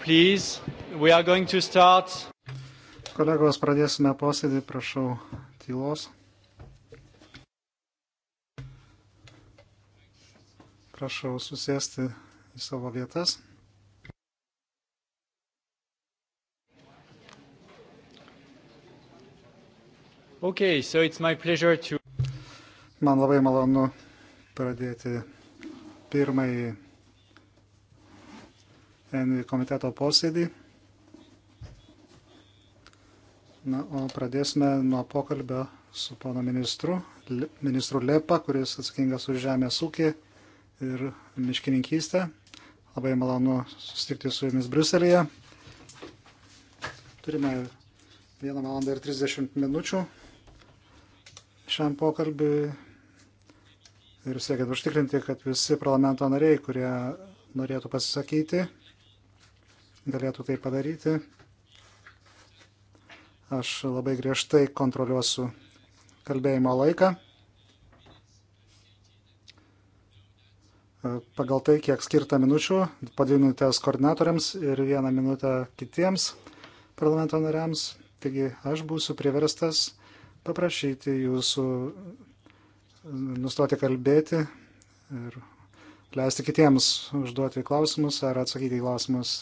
please. We are going to start. Kolegos, pradėsime posėdį, prašau tylos. Prašau susėsti į savo vietas. Okay, so it's my pleasure to... Man labai malonu pradėti pirmąjį NV komiteto posėdį. Na, o pradėsime nuo pokalbio su pono ministru, ministru Lepa, kuris atsakingas už žemės ūkį ir miškininkystę. Labai malonu susitikti su jumis Bruselėje. Turime 1 valandą ir 30 minučių šiam pokalbiui ir siekit užtikrinti, kad visi parlamento nariai, kurie norėtų pasisakyti, galėtų tai padaryti. Aš labai griežtai kontroliuosiu kalbėjimo laiką. Pagal tai, kiek skirta minučių, po dvi minutės koordinatoriams ir vieną minutę kitiems parlamento nariams. Taigi aš būsiu priverstas paprašyti jūsų nustoti kalbėti ir leisti kitiems užduoti klausimus ar atsakyti į klausimus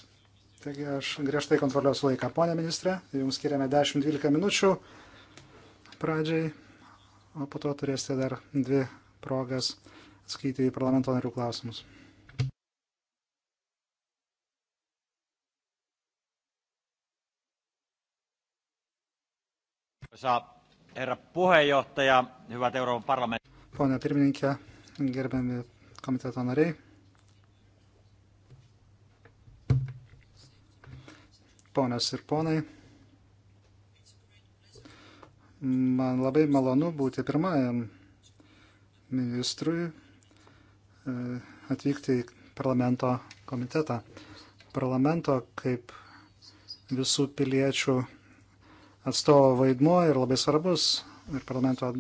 Taigi aš griežtai kontroliuosiu laiką. Pone ministrė, jums skiriame 10-12 minučių pradžiai, o po to turėsite dar dvi progas atsakyti į parlamento narių klausimus. Arvoisa herra puheenjohtaja, hyvät Euroopan parlamentin... Pone pirmininkė, gerbiami komiteto nariai. Ponios ir ponai, man labai malonu būti pirmajam ministrui e, atvykti į parlamento komitetą. Parlamento kaip visų piliečių atstovo vaidmuo ir labai svarbus ir parlamento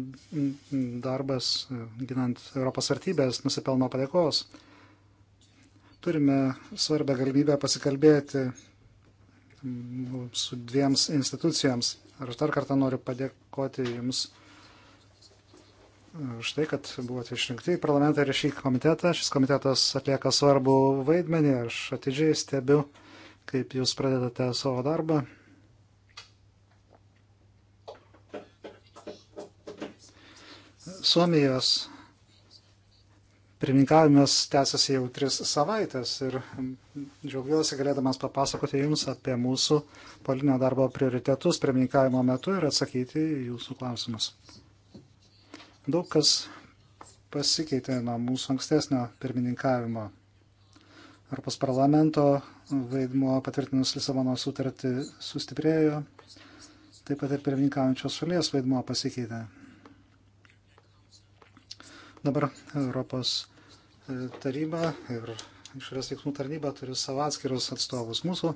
darbas e, ginant Europos vertybės nusipelno padėkos. Turime svarbę galimybę pasikalbėti mūsų nu, dviems institucijams. Ar aš dar kartą noriu padėkoti Jums e, už tai, kad buvote išrinkti į parlamentą ir šį komitetą. Šis komitetas atlieka svarbu vaidmenį. Aš atidžiai stebiu, kaip Jūs pradedate savo darbą. Suomijos Pirmininkavimas tęsiasi jau tris savaitės ir džiaugiuosi galėdamas papasakoti Jums apie mūsų polinio darbo prioritetus pirmininkavimo metu ir atsakyti į Jūsų klausimus. Daug kas pasikeitė nuo mūsų ankstesnio pirmininkavimo. Europos parlamento vaidmuo patvirtinus Lisabono sutartį sustiprėjo, taip pat ir pirmininkaujančios šalies vaidmuo pasikeitė. Dabar Europos taryba ir išorės veiksmų tarnyba turi savo atskirus atstovus. Mūsų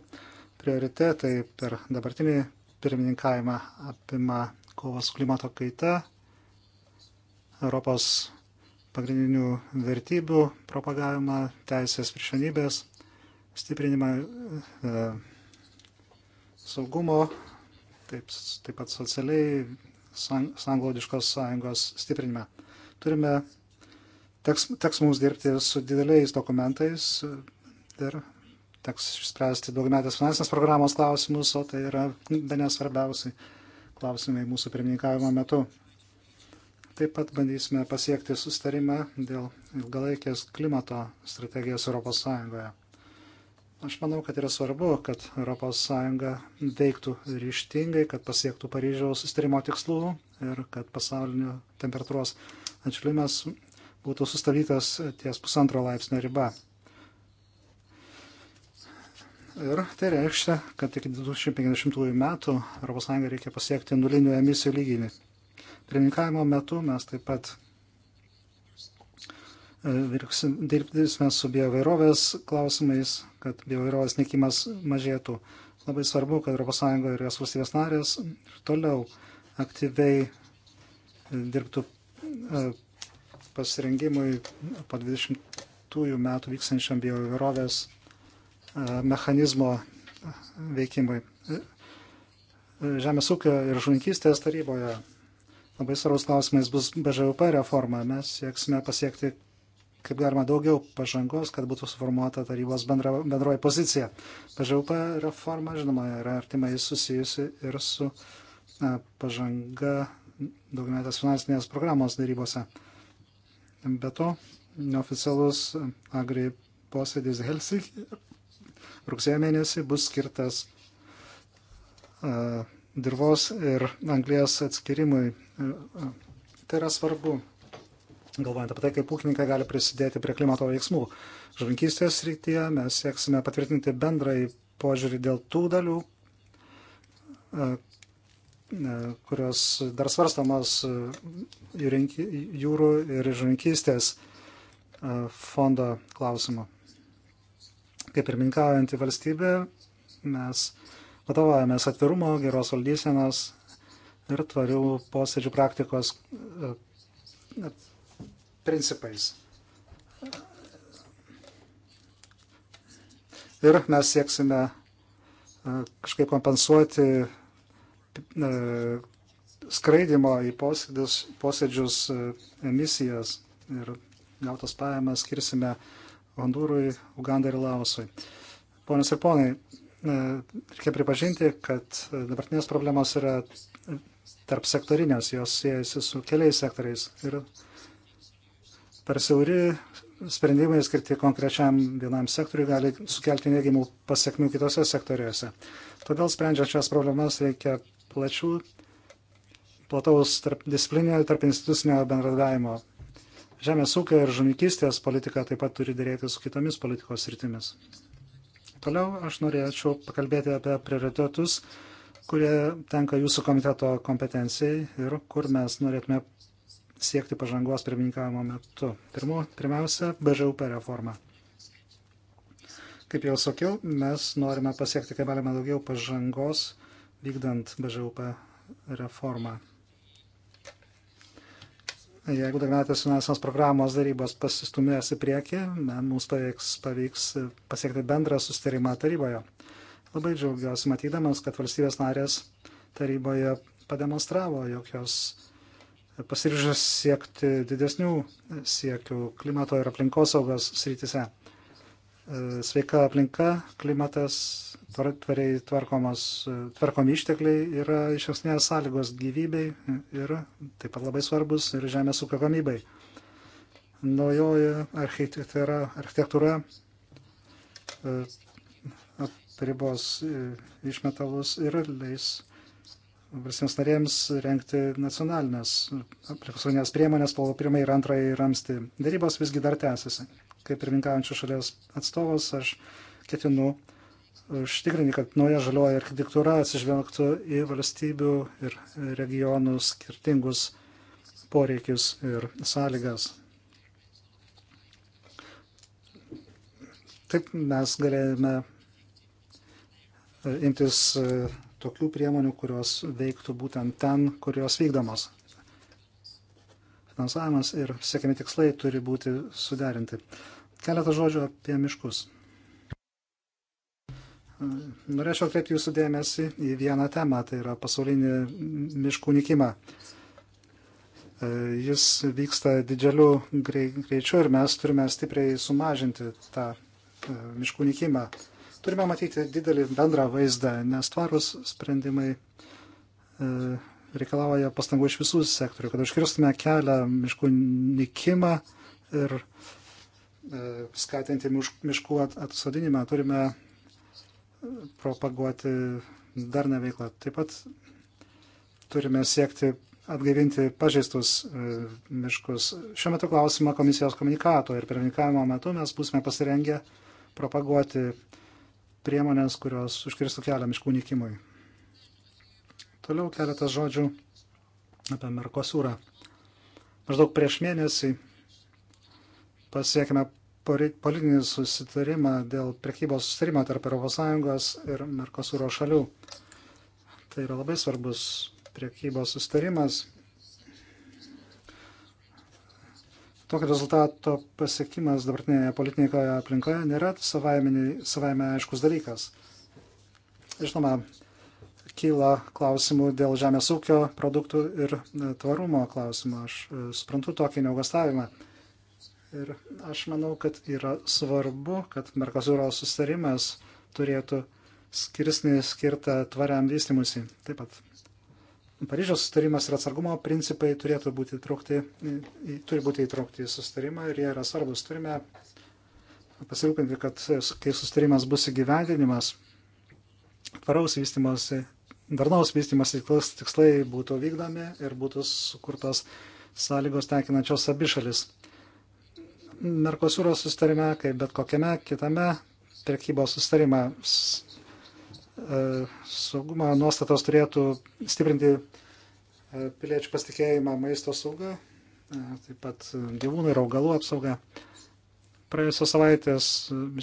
prioritetai per dabartinį pirmininkavimą apima kovos klimato kaita, Europos pagrindinių vertybių propagavimą, teisės viršenybės, stiprinimą e, saugumo, taip, taip pat socialiai sanglaudiškos sąjungos stiprinimą. Turime Teks, teks mums dirbti su dideliais dokumentais ir teks išspręsti daugiametės finansinės programos klausimus, o tai yra bene svarbiausiai klausimai mūsų pirmininkavimo metu. Taip pat bandysime pasiekti sustarimą dėl ilgalaikės klimato strategijos ES. Aš manau, kad yra svarbu, kad ES veiktų ryštingai, kad pasiektų Paryžiaus sustarimo tikslų ir kad pasaulinio temperatūros atšilimas būtų sustabdytas ties pusantro laipsnio riba. Ir tai reiškia, kad iki 2050 metų ES reikia pasiekti nulinių emisijų lyginį. Pirmininkavimo metu mes taip pat e, dirbsime su biovairovės klausimais, kad biovairovės nikimas mažėtų. Labai svarbu, kad ES ir jos valstybės narės ir toliau aktyviai dirbtų e, pasirengimui po 20 metų vyksančiam bioįvairovės e, mechanizmo veikimui. E, Žemės ūkio ir žunkystės taryboje labai svarbus klausimais bus BŽUP reforma. Mes sieksime pasiekti kaip galima daugiau pažangos, kad būtų suformuota tarybos bendra, bendroji pozicija. BŽUP reforma, žinoma, yra artimai susijusi ir su e, pažanga daugiametės finansinės programos darybose. Be to, neoficialus agri posėdis Helsinki rugsėjo mėnesį bus skirtas e, dirvos ir anglės atskirimui. E, e, tai yra svarbu, galvojant apie tai, kaip ūkininkai gali prisidėti prie klimato veiksmų. Žuvinkystės srityje mes sieksime patvirtinti bendrai požiūrį dėl tų dalių, E, kurios dar svarstamos e, jūrų ir žankystės e, fondo klausimu. Kaip ir minkaujantį valstybę, mes vadovavomės atvirumo, geros valdysenos ir tvarių posėdžių praktikos principais. Ir mes sieksime kažkaip kompensuoti E, skraidimo į posėdis, posėdžius e, emisijas ir gautas pajamas skirsime Hondūrui, Ugandai ir Laosui. Ponios ir ponai, e, reikia pripažinti, kad dabartinės problemos yra tarp sektorinės, jos siejasi su keliais sektoriais ir per siauri sprendimai skirti konkrečiam vienam sektoriui gali sukelti neigiamų pasiekmių kitose sektoriuose. Todėl sprendžiant šias problemas reikia plačių, plataus tarp disciplininio ir tarp institucinio bendradavimo. Žemės ūkio ir žuvininkystės politika taip pat turi dėrėti su kitomis politikos rytimis. Toliau aš norėčiau pakalbėti apie prioritetus, kurie tenka jūsų komiteto kompetencijai ir kur mes norėtume siekti pažangos pirmininkavimo metu. Pirmu, pirmiausia, BŽUP reforma. Kaip jau sakiau, mes norime pasiekti kaip galima daugiau pažangos vykdant BŽUP reformą. Jeigu dagnatės finansinės programos darybos pasistumės į priekį, mums pavyks, pavyks pasiekti bendrą sustarimą taryboje. Labai džiaugiuosi matydamas, kad valstybės narės taryboje pademonstravo, jog jos pasiryžęs siekti didesnių siekių klimato ir aplinkosaugos srityse. E, sveika aplinka, klimatas, tvariai e, tvarkomi ištekliai yra iš esmės sąlygos gyvybei ir taip pat labai svarbus ir žemės ūkio gamybai. Naujoji architektūra, architektūra e, apribos išmetalus ir leis valstybėms narėms renkti nacionalinės aplikosauginės priemonės pagal pirmąjį ir antrąjį ramstį. Darybos visgi dar tęsiasi. Kaip pirmininkaujančių šalies atstovas, aš ketinu užtikrinti, kad nauja žalioja architektūra atsižvelgtų į valstybių ir regionų skirtingus poreikius ir sąlygas. Taip mes galėjome imtis tokių priemonių, kurios veiktų būtent ten, kur jos vykdomos. Finansavimas ir siekiami tikslai turi būti suderinti. Keletą žodžių apie miškus. Norėčiau atkreipti jūsų dėmesį į vieną temą, tai yra pasaulinį miškų nikimą. Jis vyksta dideliu greičiu ir mes turime stipriai sumažinti tą e, miškų nikimą. Turime matyti didelį bendrą vaizdą, nes tvarus sprendimai e, reikalauja pastangų iš visų sektorių, kad užkirstume kelią miškų nikimą ir e, skatinti miškų atsodinimą. Turime e, propaguoti darnę veiklą. Taip pat turime siekti atgaivinti pažeistus miškus. Šiuo metu klausimą komisijos komunikato ir pirmininkavimo metu mes būsime pasirengę propaguoti priemonės, kurios užkirstų kelią miškų nykimui. Toliau keletas žodžių apie Merkosūrą. Maždaug prieš mėnesį pasiekime politinį susitarimą dėl prekybos susitarimo tarp ES ir Merkosūro šalių. Tai yra labai svarbus prekybos susitarimas Tokio rezultato pasiekimas dabartinėje politinėje aplinkoje nėra savaime aiškus dalykas. Žinoma, kyla klausimų dėl žemės ūkio produktų ir e, tvarumo klausimų. Aš e, suprantu tokį neugastavimą. Ir aš manau, kad yra svarbu, kad Merkosūro susitarimas turėtų skirsnį skirtą tvariam vystimusi. Taip pat Paryžiaus sustarimas ir atsargumo principai turėtų būti įtraukti, turi būti įtraukti į sustarimą ir jie yra svarbus. Turime pasirūpinti, kad kai sustarimas bus įgyvendinimas, tvaraus vystimosi, darnaus vystimosi tikslai būtų vykdomi ir būtų sukurtos sąlygos tenkinančios abi šalis. Merkosūros sustarime, kaip bet kokiame kitame prekybos sustarime, E, saugumą nuostatos turėtų stiprinti e, piliečių pasitikėjimą maisto saugą, e, taip pat gyvūnų ir augalų apsaugą. Praėjusios savaitės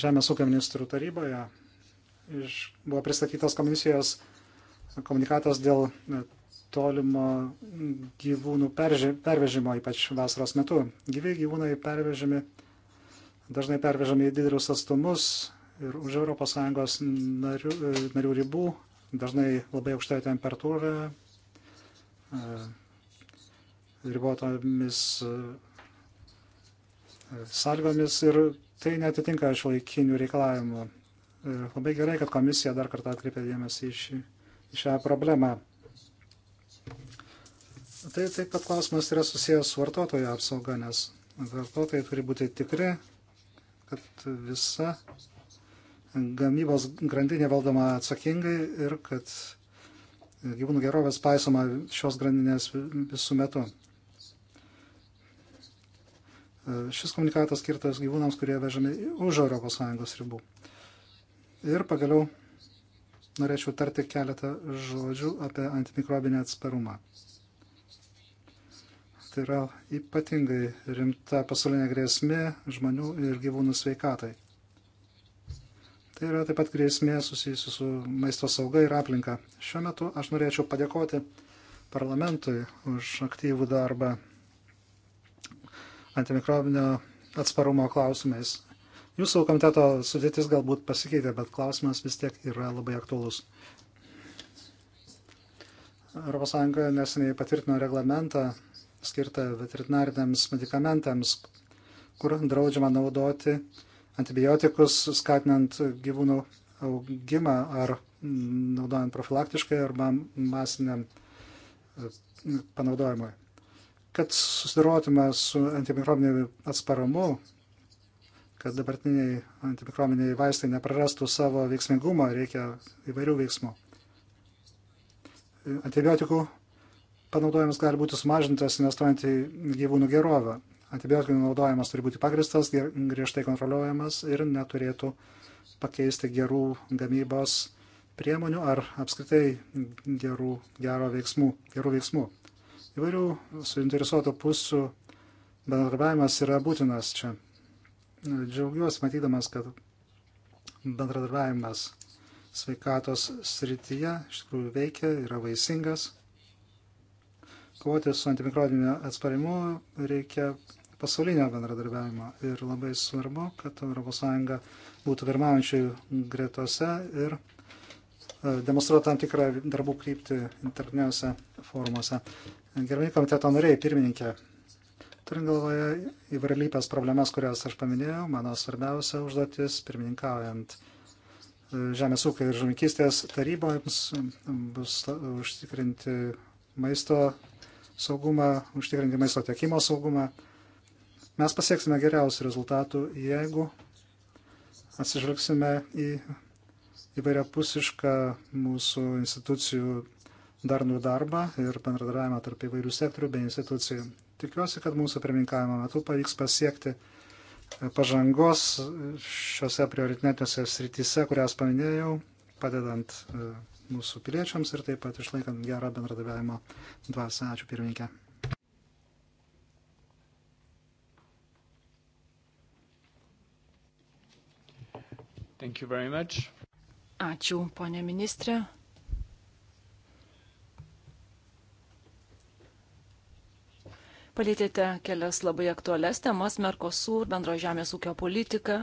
Žemės ūkio ministrų taryboje iš, buvo pristatytas komisijos komunikatas dėl tolimo gyvūnų perži, pervežimo, ypač vasaros metu. Gyvi gyvūnai pervežimi, dažnai pervežami į didelius atstumus, ir už ES narių, e, narių ribų, dažnai labai aukštoje temperatūroje, e, ribotomis e, sąlygomis ir tai netitinka šiuolaikinių reikalavimų. Ir labai gerai, kad komisija dar kartą atkreipė dėmesį į, šį, į šią problemą. Tai taip pat klausimas yra susijęs su vartotojo apsauga, nes vartotojai turi būti tikri, kad visa gamybos grandinė valdoma atsakingai ir kad gyvūnų gerovės paisoma šios grandinės visų metu. Šis komunikatas skirtas gyvūnams, kurie vežami už ES ribų. Ir pagaliau norėčiau tarti keletą žodžių apie antimikrobinę atsparumą. Tai yra ypatingai rimta pasaulinė grėsmė žmonių ir gyvūnų sveikatai. Tai yra taip pat grėsmė susijusi su maisto sauga ir aplinka. Šiuo metu aš norėčiau padėkoti parlamentui už aktyvų darbą antimikrobinio atsparumo klausimais. Jūsų komiteto sudėtis galbūt pasikeitė, bet klausimas vis tiek yra labai aktuolus. ES neseniai patvirtino reglamentą skirtą veterinariniams medikamentams, kur draudžiama naudoti uh, antibiotikus, skatinant gyvūnų augimą ar naudojant profilaktiškai arba masiniam e, panaudojimui. Kad susidarotume su antimikrobiniu atsparamu, kad dabartiniai antimikrobiniai vaistai neprarastų savo veiksmingumą, reikia įvairių veiksmų. Antibiotikų panaudojimas gali būti sumažintas investuojant į gyvūnų gerovę. Antibiotikų naudojimas turi būti pagristas, griežtai kontroliuojamas ir neturėtų pakeisti gerų gamybos priemonių ar apskritai gerų, gero veiksmų, gerų veiksmų. Įvairių suinteresuotų pusių bendradarbiavimas yra būtinas čia. Džiaugiuosi matydamas, kad bendradarbiavimas sveikatos srityje iš tikrųjų veikia, yra vaisingas kovoti su antimikrobiniu atsparimu reikia pasaulinio bendradarbiavimo. Ir labai svarbu, kad ES būtų pirmaujančiai gretose ir e, demonstruoja tam tikrą darbų kryptį internetiniuose forumuose. Gerbėjai komiteto nariai, pirmininkė, turint galvoje įvarlypės problemas, kurias aš paminėjau, mano svarbiausia užduotis pirmininkaujant e, Žemės ūkio ir žuvininkystės taryboms bus užtikrinti maisto saugumą, užtikrinti maisto tiekimo saugumą. Mes pasieksime geriausių rezultatų, jeigu atsižvelgsime į įvairiapusišką mūsų institucijų darnų darbą ir bendradarbiavimą tarp įvairių sektorių bei institucijų. Tikiuosi, kad mūsų pirmininkavimo metu pavyks pasiekti pažangos šiuose prioritetinėse srityse, kurias paminėjau, padedant e, mūsų piliečiams ir taip pat išlaikant gerą bendradarbiavimo dvasą. Ačiū pirmininkė. Ačiū, ponė ministrė. Palėtėte kelias labai aktualias temas - Merkosur, bendro žemės ūkio politika,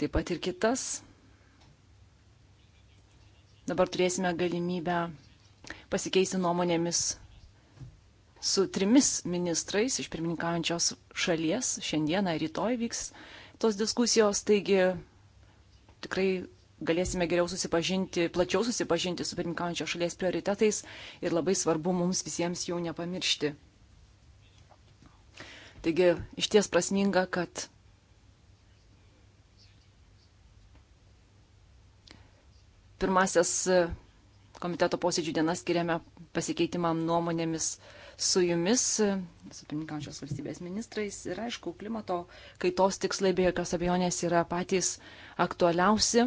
taip pat ir kitas Dabar turėsime galimybę pasikeisti nuomonėmis su trimis ministrais iš pirmininkaujančios šalies. Šiandieną ir rytoj vyks tos diskusijos, taigi tikrai galėsime geriau susipažinti, plačiau susipažinti su pirmininkaujančios šalies prioritetais ir labai svarbu mums visiems jų nepamiršti. Taigi iš ties prasminga, kad pirmasias e, komiteto posėdžių dienas skiriame pasikeitimam nuomonėmis su jumis, e, su pirmininkančios valstybės ministrais. Ir aišku, klimato kaitos tikslai be jokios abejonės yra patys aktualiausi.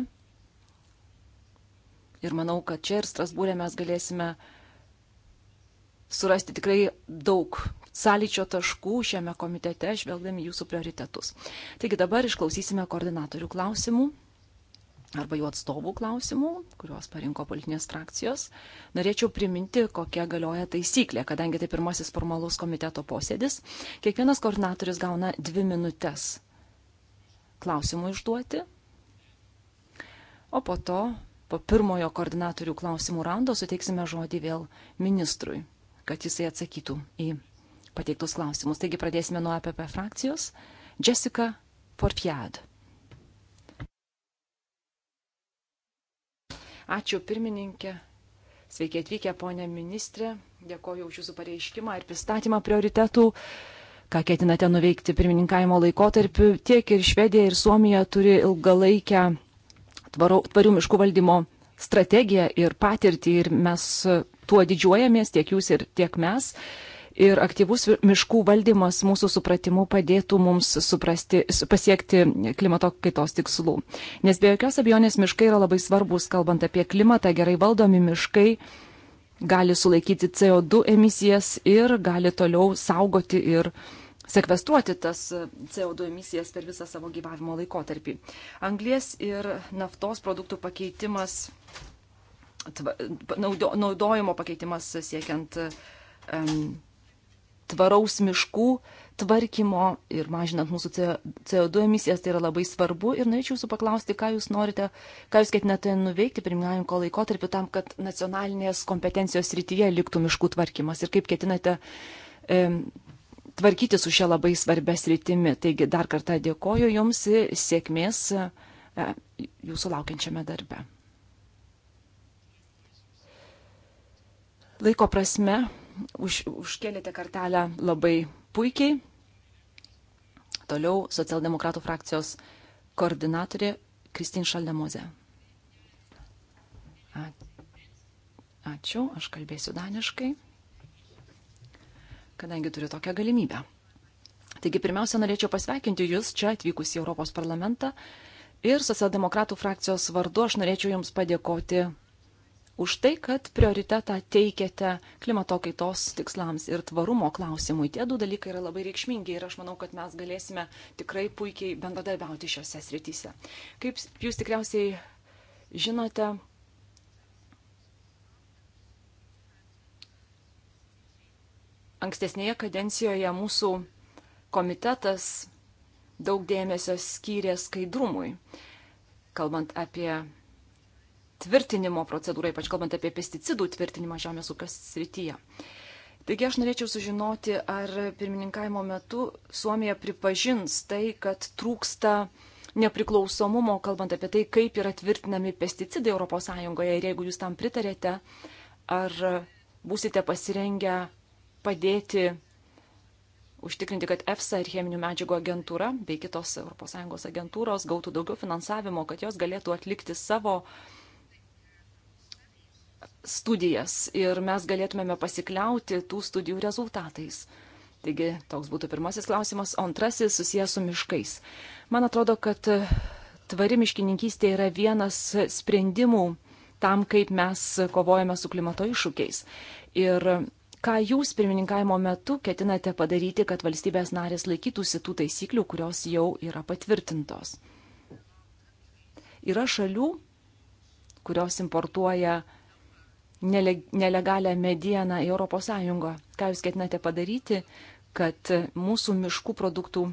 Ir manau, kad čia ir Strasbūrė mes galėsime surasti tikrai daug sąlyčio taškų šiame komitete, žvelgdami jūsų prioritetus. Taigi dabar išklausysime koordinatorių klausimų arba jų atstovų klausimų, kuriuos parinko politinės frakcijos, norėčiau priminti, kokia galioja taisyklė, kadangi tai pirmasis formalus komiteto posėdis. Kiekvienas koordinatorius gauna dvi minutės klausimų išduoti, o po to, po pirmojo koordinatorių klausimų raundo, suteiksime žodį vėl ministrui, kad jisai atsakytų į pateiktus klausimus. Taigi pradėsime nuo APP frakcijos. Jessica Porfiad. Ačiū pirmininkė. Sveiki atvykę, ponė ministrė. Dėkoju už Jūsų pareiškimą ir pristatymą prioritetų. Ką ketinate nuveikti pirmininkavimo laikotarpiu, tiek ir Švedija, ir Suomija turi ilgalaikę tvarių miškų valdymo strategiją ir patirtį ir mes tuo didžiuojamės, tiek jūs ir tiek mes ir aktyvus miškų valdymas mūsų supratimu padėtų mums suprasti, pasiekti klimato kaitos tikslų. Nes be jokios abejonės miškai yra labai svarbus, kalbant apie klimatą, gerai valdomi miškai gali sulaikyti CO2 emisijas ir gali toliau saugoti ir sekvestruoti tas CO2 emisijas per visą savo gyvavimo laikotarpį. Anglės ir naftos produktų pakeitimas, naudo, naudojimo pakeitimas siekiant um, tvaraus miškų tvarkymo ir mažinant mūsų CO2 emisijas, tai yra labai svarbu. Ir norėčiau jūsų paklausti, ką jūs norite, ką jūs ketinate nuveikti pirmininko laikotarpiu tam, kad nacionalinės kompetencijos rytyje liktų miškų tvarkymas ir kaip ketinate e, tvarkyti su šia labai svarbia sritimi. Taigi dar kartą dėkoju jums ir sėkmės e, jūsų laukiančiame darbe. Laiko prasme už, užkėlėte kartelę labai puikiai. Toliau socialdemokratų frakcijos koordinatorė Kristin Šaldemoze. Ačiū, aš kalbėsiu daniškai, kadangi turiu tokią galimybę. Taigi pirmiausia, norėčiau pasveikinti Jūs čia atvykus į Europos parlamentą ir socialdemokratų frakcijos vardu aš norėčiau Jums padėkoti už tai, kad prioritetą teikiate klimato kaitos tikslams ir tvarumo klausimui. Tie du dalykai yra labai reikšmingi ir aš manau, kad mes galėsime tikrai puikiai bendradarbiauti šiuose srityse. Kaip jūs tikriausiai žinote, ankstesnėje kadencijoje mūsų komitetas daug dėmesio skyrė skaidrumui, kalbant apie tvirtinimo procedūrą, ypač kalbant apie pesticidų tvirtinimą žemės ūkio srityje. Taigi aš norėčiau sužinoti, ar pirmininkavimo metu Suomija pripažins tai, kad trūksta nepriklausomumo, kalbant apie tai, kaip yra tvirtinami pesticidai ES ir jeigu jūs tam pritarėte, ar būsite pasirengę padėti užtikrinti, kad EFSA ir cheminių medžiagų agentūra bei kitos ES agentūros gautų daugiau finansavimo, kad jos galėtų atlikti savo uh, studijas ir mes galėtumėme pasikliauti tų studijų rezultatais. Taigi toks būtų pirmasis klausimas, o antrasis susijęs su miškais. Man atrodo, kad tvari miškininkystė yra vienas sprendimų tam, kaip mes kovojame su klimato iššūkiais. Ir ką jūs pirmininkavimo metu ketinate padaryti, kad valstybės narės laikytųsi tų taisyklių, kurios jau yra patvirtintos? Yra šalių, kurios importuoja uh, nelegalią medieną į ES. Ką jūs ketinate padaryti, kad mūsų miškų produktų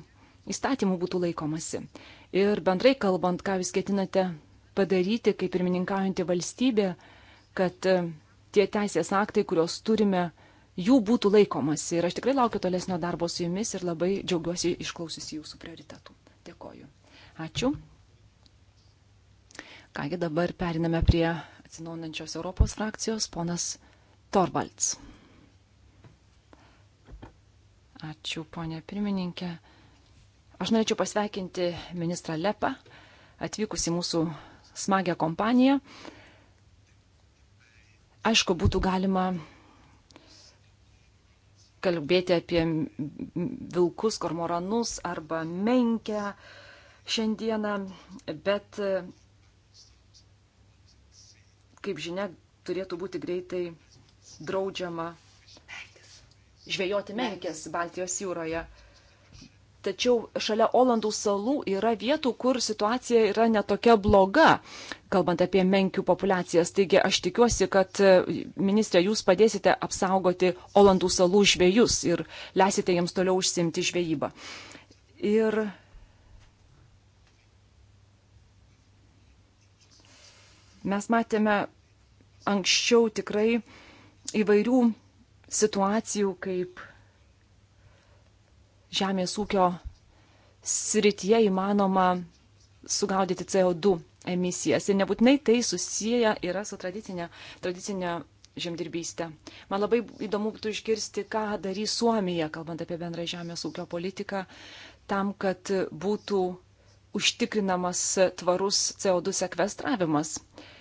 įstatymų būtų laikomasi? Ir bendrai kalbant, ką jūs ketinate padaryti, kaip pirmininkaujanti valstybė, kad e, tie teisės aktai, kuriuos turime, jų būtų laikomasi. Ir aš tikrai laukiu tolesnio darbo su jumis ir labai džiaugiuosi išklausiusi jūsų prioritetų. Dėkoju. Ačiū. Kągi dabar periname prie Atsinaujančios Europos frakcijos ponas Torvalds. Ačiū, ponė pirmininkė. Aš norėčiau pasveikinti ministrą Lepą, atvykus į mūsų smagią kompaniją. Aišku, būtų galima kalbėti apie vilkus, kormoranus arba menkę šiandieną, bet kaip žinia, turėtų būti greitai draudžiama žvejoti menkės Baltijos jūroje. Tačiau šalia Olandų salų yra vietų, kur situacija yra netokia bloga, kalbant apie menkių populiacijas. Taigi aš tikiuosi, kad e, ministrė jūs padėsite apsaugoti Olandų salų žvėjus ir leisite jiems toliau užsimti žvejybą. Ir Mes matėme anksčiau tikrai įvairių situacijų, kaip žemės ūkio srityje įmanoma sugaudyti CO2 emisijas. Ir nebūtinai tai susiję yra su tradicinė, tradicinė žemdirbystė. Man labai įdomu būtų išgirsti, ką darys Suomija, kalbant apie bendrą žemės ūkio politiką, tam, kad būtų užtikrinamas tvarus CO2 sekvestravimas. Uh,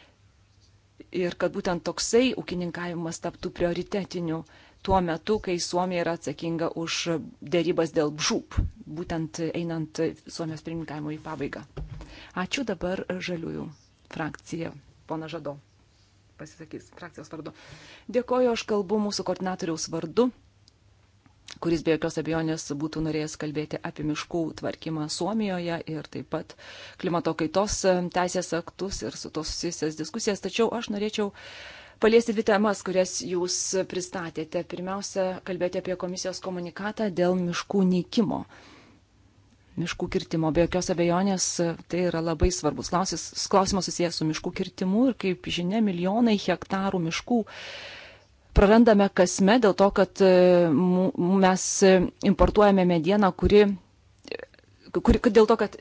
ir kad būtent toksai ūkininkavimas taptų prioritetiniu tuo metu, kai Suomija yra atsakinga už dėrybas dėl bžūp, būtent einant Suomijos pirmininkavimo į pabaigą. Ačiū dabar žaliųjų frakcija. Pona Žado pasisakys frakcijos vardu. Dėkoju, aš kalbu mūsų koordinatoriaus vardu kuris be jokios abejonės būtų norėjęs kalbėti apie miškų tvarkymą Suomijoje ir taip pat klimato kaitos e, teisės aktus ir su to susijusias diskusijas. Tačiau aš norėčiau paliesti dvi temas, kurias jūs pristatėte. Pirmiausia, kalbėti apie komisijos komunikatą dėl miškų neikimo. Miškų kirtimo. Be jokios abejonės e, tai yra labai svarbus klausimas, klausimas susijęs su miškų kirtimu ir kaip žinia, milijonai hektarų miškų prarandame kasme dėl to, kad e, mes importuojame medieną, kuri, e, kuri dėl to, kad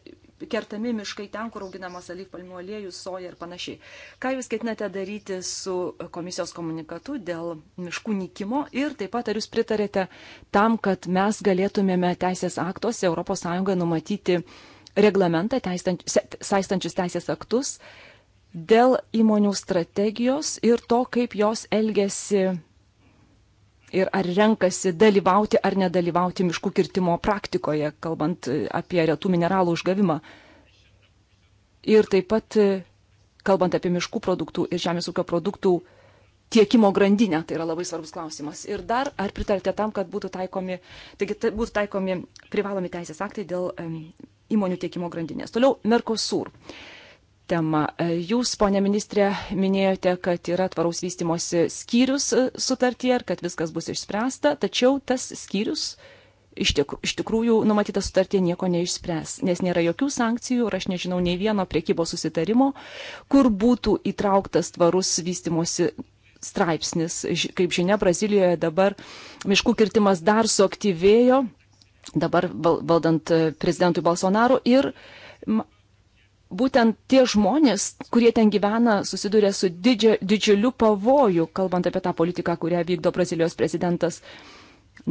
kertami miškai ten, kur auginamas alyvpalmių aliejus, soja ir panašiai. Ką jūs ketinate daryti su komisijos komunikatu dėl miškų nykimo ir taip pat ar jūs pritarėte tam, kad mes galėtumėme teisės aktuose ES numatyti reglamentą, saistančius teisės aktus, dėl įmonių strategijos ir to, kaip jos elgesi ir ar renkasi dalyvauti ar nedalyvauti miškų kirtimo praktikoje, kalbant e, apie retų mineralų užgavimą. Ir taip pat, e, kalbant apie miškų produktų ir žemės ūkio produktų tiekimo grandinę, tai yra labai svarbus klausimas. Ir dar, ar pritarite tam, kad būtų taikomi, taigi, ta, būtų taikomi privalomi teisės aktai dėl um, įmonių tiekimo grandinės. Toliau, Mercosur. Uh, temą. Jūs, ponė ministrė, minėjote, kad yra tvaraus vystimosi skyrius e, sutartie ir kad viskas bus išspręsta, tačiau tas skyrius iš, tikr iš tikrųjų numatyta sutartie nieko neišspręs, nes nėra jokių sankcijų ir aš nežinau nei vieno priekybos susitarimo, kur būtų įtrauktas tvarus vystimosi straipsnis. Kaip žinia, Brazilijoje dabar miškų kirtimas dar suaktyvėjo, dabar valdant e, prezidentui Bolsonaro ir būtent tie žmonės, kurie ten gyvena, susiduria su didžia, didžiuliu pavoju, kalbant apie tą politiką, kurią vykdo Brazilijos prezidentas.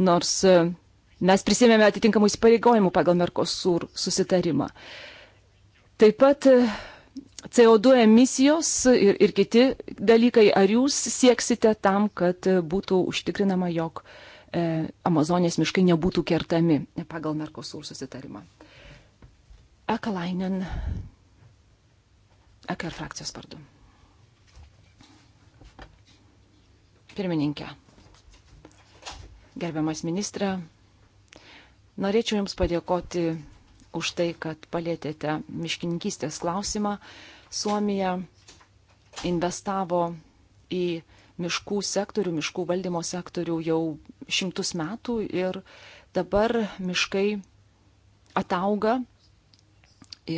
Nors e, mes prisėmėme atitinkamų įsipareigojimų pagal Merkosur susitarimą. Taip pat e, CO2 emisijos ir, ir kiti dalykai, ar jūs sieksite tam, kad e, būtų užtikrinama, jog e, Amazonės miškai nebūtų kertami pagal Merkosur susitarimą. Ekalainen EKR frakcijos vardu. Pirmininkė, gerbiamas ministrė, norėčiau Jums padėkoti už tai, kad palėtėte miškininkystės klausimą. Suomija investavo į miškų sektorių, miškų valdymo sektorių jau šimtus metų ir dabar miškai atauga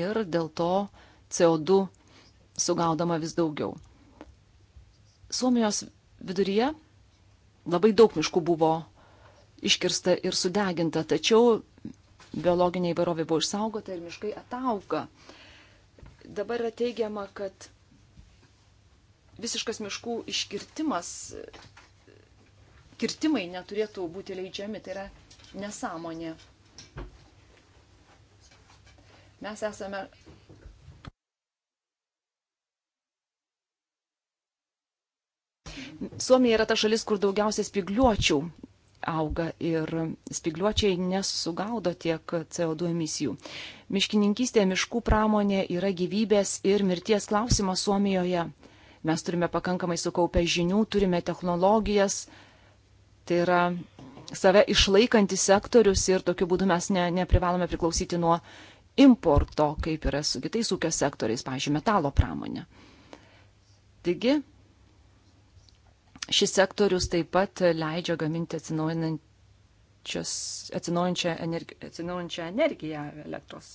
ir dėl to CO2 sugaudama vis daugiau. Suomijos viduryje labai daug miškų buvo iškirsta ir sudeginta, tačiau biologinė įvairovė buvo išsaugota ir miškai atauga. Dabar yra teigiama, kad visiškas miškų iškirtimas, kirtimai neturėtų būti leidžiami, tai yra nesąmonė. Mes esame Suomija yra ta šalis, kur daugiausia spigliuočių auga ir spigliuočiai nesugaudo tiek CO2 emisijų. Miškininkystė, miškų pramonė yra gyvybės ir mirties klausimas Suomijoje. Mes turime pakankamai sukaupę žinių, turime technologijas, tai yra save išlaikantis sektorius ir tokiu būdu mes ne, neprivalome priklausyti nuo importo, kaip yra su kitais ūkio sektoriais, pavyzdžiui, metalo pramonė. Taigi, Šis sektorius taip pat leidžia gaminti atsinaujančią energiją, energiją elektros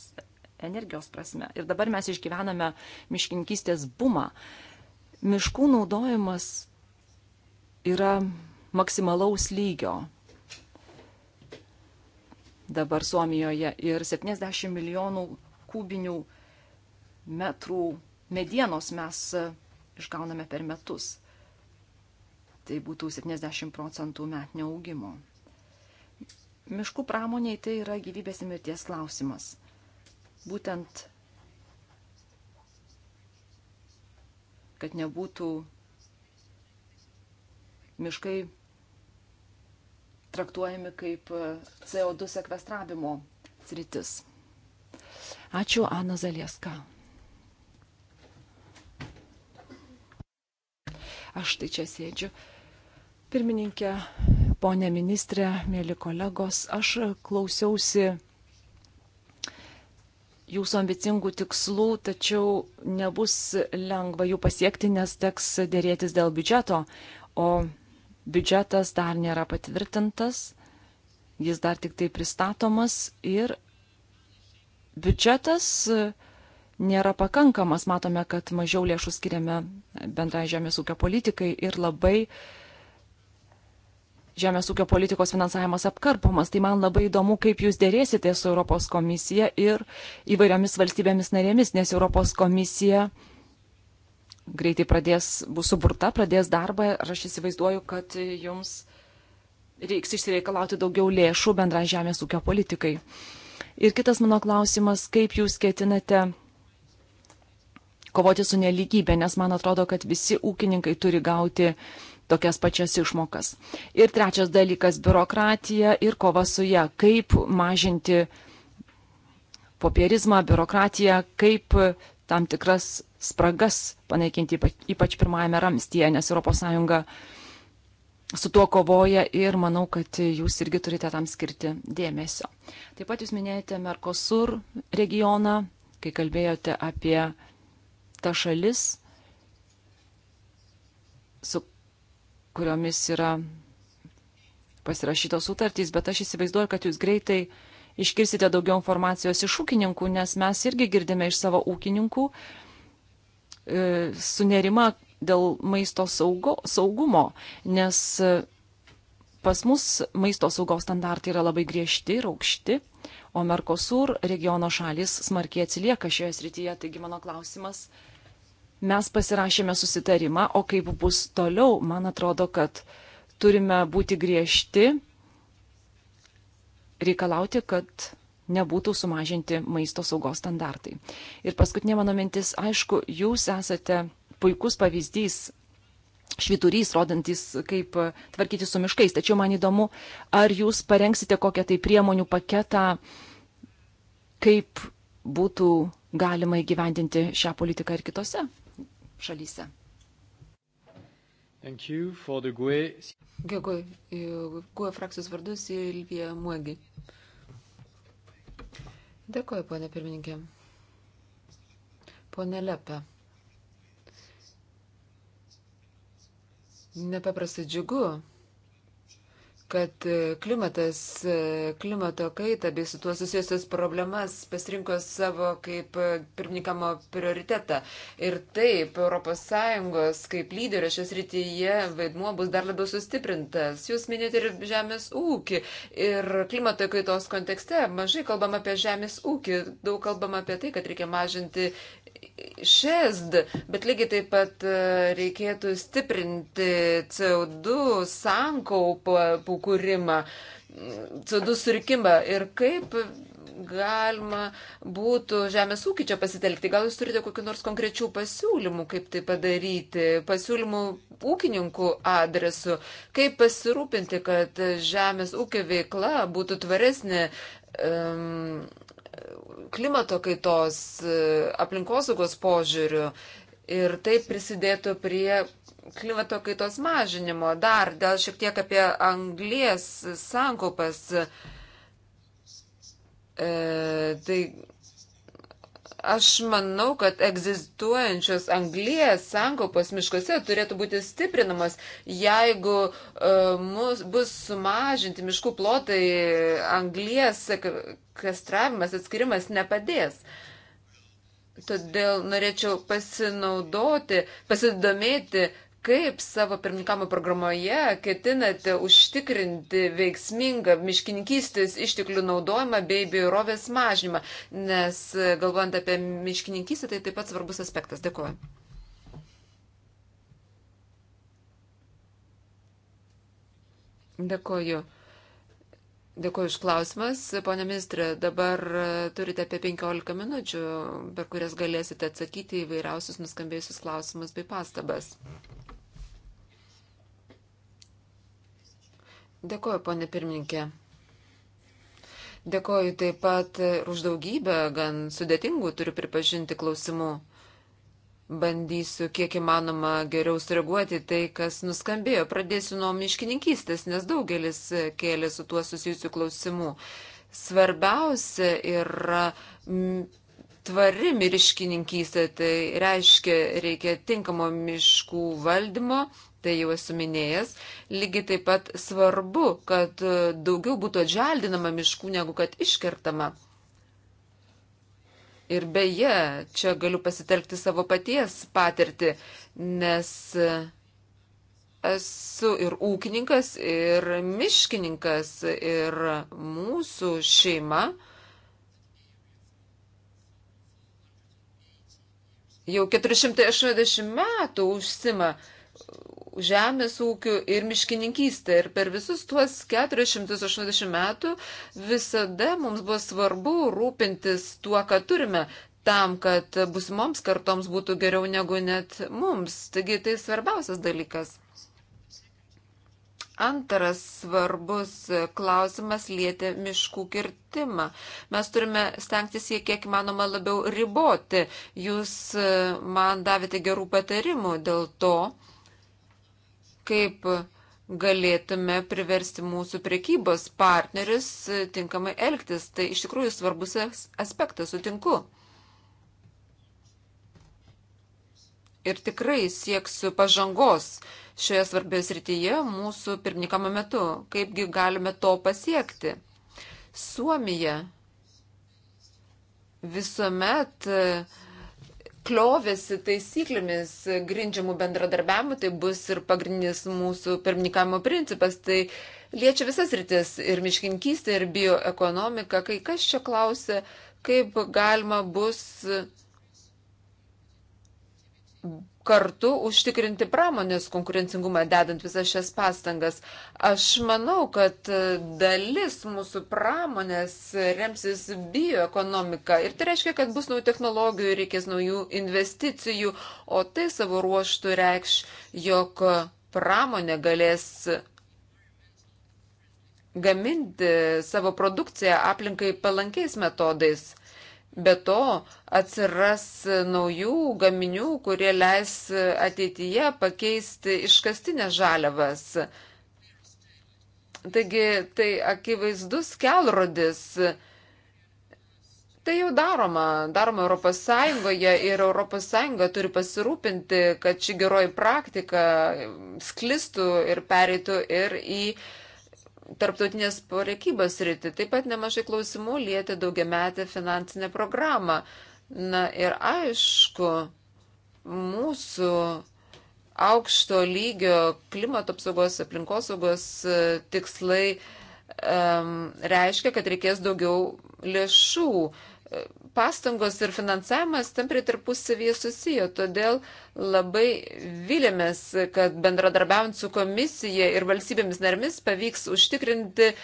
energijos prasme. Ir dabar mes išgyvename miškininkystės bumą. Miškų naudojimas yra maksimalaus lygio. Dabar Suomijoje ir 70 milijonų kubinių metrų medienos mes išgauname per metus tai būtų 70 procentų metinio augimo. Miškų pramoniai tai yra gyvybės ir mirties klausimas. Būtent, kad nebūtų miškai traktuojami kaip CO2 sekvestravimo sritis. Ačiū, Ana Zalieska. Aš tai čia sėdžiu. Pirmininkė, ponė ministrė, mėly kolegos, aš klausiausi jūsų ambicingų tikslų, tačiau nebus lengva jų pasiekti, nes teks dėrėtis dėl biudžeto, o biudžetas dar nėra patvirtintas, jis dar tik tai pristatomas ir biudžetas nėra pakankamas, matome, kad mažiau lėšų skiriame bendrai žemės ūkio politikai ir labai uh, žemės ūkio politikos finansavimas apkarpomas. Tai man labai įdomu, kaip jūs dėrėsite su Europos komisija ir įvairiomis valstybėmis narėmis, nes Europos komisija greitai pradės, bus suburta, pradės darbą ir aš įsivaizduoju, kad jums reiks išsireikalauti daugiau lėšų bendrai žemės ūkio politikai. Ir kitas mano klausimas, kaip jūs ketinate kovoti su neligybė, nes man atrodo, kad visi ūkininkai turi gauti uh, tokias pačias išmokas. Ir trečias dalykas - biurokratija ir kova su ją. Kaip mažinti popierizmą, biurokratiją, kaip tam tikras spragas panaikinti, ypač pirmajame ramstyje, nes ES su tuo kovoja ir manau, kad jūs irgi turite tam skirti dėmesio. Taip pat jūs minėjote Mercosur regioną, kai kalbėjote apie tą šalis, su kuriomis yra pasirašytos sutartys, bet aš įsivaizduoju, kad jūs greitai iškirsite daugiau informacijos iš ūkininkų, nes mes irgi girdime iš savo ūkininkų e, sunerimą dėl maisto saugo, saugumo, nes e, pas mus maisto saugos standartai yra labai griežti ir aukšti, o Merkosur regiono šalis smarkiai atsilieka šioje srityje. Taigi mano klausimas mes pasirašėme susitarimą, o kaip bus toliau, man atrodo, kad turime būti griežti, reikalauti, kad nebūtų sumažinti maisto saugos standartai. Ir paskutinė mano mintis, aišku, jūs esate puikus pavyzdys, šviturys, rodantis, kaip tvarkyti su miškais. Tačiau man įdomu, ar jūs parengsite kokią tai priemonių paketą, kaip būtų galima įgyvendinti šią politiką ir kitose šalyse. Dėkui. Kuo e, frakcijos vardu Silvija Muegi. Dėkuoju, ponė pirmininkė. Pone Lepe. Nepaprastai džiugu, kad e, klimatas, e, klimato kaita bei su tuo susijusios problemas pasirinko savo kaip e, pirmininkamo prioritetą. Ir taip, ES kaip lyderio šios rytyje vaidmuo bus dar labiau sustiprintas. Jūs minėjote ir žemės ūkį. Ir klimato kaitos kontekste mažai kalbam apie žemės ūkį, daug kalbam apie tai, kad reikia mažinti šesd, bet lygiai taip pat e, reikėtų stiprinti CO2 sankaupą kūrimą, CO2 surikimą ir kaip galima būtų žemės ūkį čia pasitelkti. Gal jūs turite kokiu nors konkrečių pasiūlymų, kaip tai padaryti, pasiūlymų ūkininkų adresu, kaip pasirūpinti, kad žemės ūkio veikla būtų tvaresnė um, klimato kaitos, e, aplinkosaugos požiūrių ir tai prisidėtų prie klimato kaitos mažinimo. Dar dėl šiek tiek apie anglės sankaupas. E, tai Aš manau, kad egzistuojančios anglijas sankaupos miškuose turėtų būti stiprinamas, jeigu uh, mus, bus sumažinti miškų plotai, anglijas kastravimas, atskirimas nepadės. Todėl norėčiau pasinaudoti, pasidomėti, Kaip savo pirmininkamo programoje ketinate užtikrinti veiksmingą miškininkystės išteklių naudojimą bei biurovės mažinimą? Nes e, galvojant apie miškininkystę, tai taip pat svarbus aspektas. Dėkuoju. Dėkuoju. Dėkuoju iš klausimas. Pone ministrė, dabar e, turite apie 15 minučių, per kurias galėsite atsakyti į vairiausius nuskambėjusius klausimus bei pastabas. Dėkuoju, ponė pirmininkė. Dėkuoju taip pat už daugybę gan sudėtingų, turiu pripažinti, klausimų. Bandysiu kiek įmanoma geriau sureaguoti tai, kas nuskambėjo. Pradėsiu nuo miškininkystės, nes daugelis kėlė su tuo susijusių klausimų. Svarbiausia yra tvari miškininkystė, tai reiškia reikia tinkamo miškų valdymo tai jau esu minėjęs, lygiai taip pat svarbu, kad e, daugiau būtų atželdinama miškų negu kad iškertama. Ir beje, čia galiu pasitelkti savo paties patirtį, nes e, esu ir ūkininkas, ir miškininkas, ir mūsų šeima jau 480 metų užsima uh, žemės ūkiu ir miškininkystė. Ir per visus tuos 480 metų visada mums buvo svarbu rūpintis tuo, ką turime tam, kad busimoms kartoms būtų geriau negu net mums. Taigi tai svarbiausias dalykas. Antras svarbus klausimas lietė miškų kirtimą. Mes turime stengtis jį kiek manoma labiau riboti. Jūs e, man davėte gerų patarimų dėl to kaip galėtume priversti mūsų prekybos partnerius e, tinkamai elgtis. Tai iš tikrųjų svarbus aspektas, sutinku. Ir tikrai sieksiu pažangos šioje svarbioje srityje mūsų pirmininkamo metu. Kaipgi galime to pasiekti? Suomija visuomet uh, kliovėsi taisyklėmis grindžiamų bendradarbiavimų, tai bus ir pagrindinis mūsų pirmininkavimo principas. Tai liečia visas rytis - ir miškinkystė, ir bioekonomika. Kai kas čia klausė, kaip galima bus kartu užtikrinti pramonės konkurencingumą, dedant visas šias pastangas. Aš manau, kad e, dalis mūsų pramonės remsis bioekonomika ir tai reiškia, kad bus naujų technologijų, reikės naujų investicijų, o tai savo ruoštų reikš, jog pramonė galės gaminti savo produkciją aplinkai palankiais metodais. Be to atsiras naujų gaminių, kurie leis ateityje pakeisti iškastinės žaliavas. Taigi tai akivaizdus kelrodis. Tai jau daroma, daroma Europos Sąjungoje ir Europos Sąjunga turi pasirūpinti, kad ši geroji praktika sklistų ir pereitų ir į uh, tarptautinės porekybos rytį. Taip pat nemažai klausimų lieti daugiametę finansinę programą. Na ir aišku, mūsų aukšto lygio klimato apsaugos, aplinkosaugos e, tikslai um, reiškia, kad reikės daugiau lėšų pastangos ir finansavimas tampriai tarpusavyje susiję, todėl labai vilėmės, kad bendradarbiaujant su komisija ir valstybėmis narmis pavyks užtikrinti e,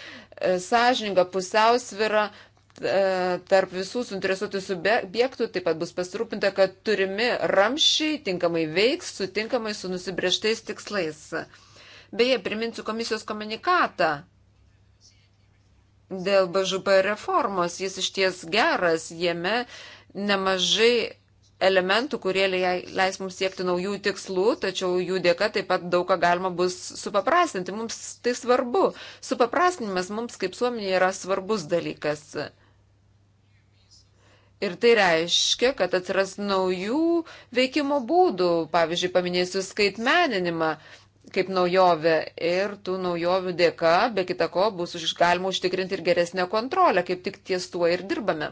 sąžiningą pusiausvirą e, tarp visų suinteresuotų subjektų, taip pat bus pasirūpinta, kad turimi ramšiai tinkamai veiks, sutinkamai su nusibrieštais tikslais. Beje, priminsiu komisijos komunikatą dėl BŽP reformos. Jis iš ties geras, jame nemažai elementų, kurie leis mums siekti naujų tikslų, tačiau jų dėka taip pat daug ką galima bus supaprastinti. Mums tai svarbu. Supaprastinimas mums kaip suomenė yra svarbus dalykas. Ir tai reiškia, kad atsiras naujų veikimo būdų. Pavyzdžiui, paminėsiu skaitmeninimą kaip naujovė ir tų naujovių dėka, be kita ko, bus galima užtikrinti ir geresnę kontrolę, kaip tik ties tuo ir dirbame.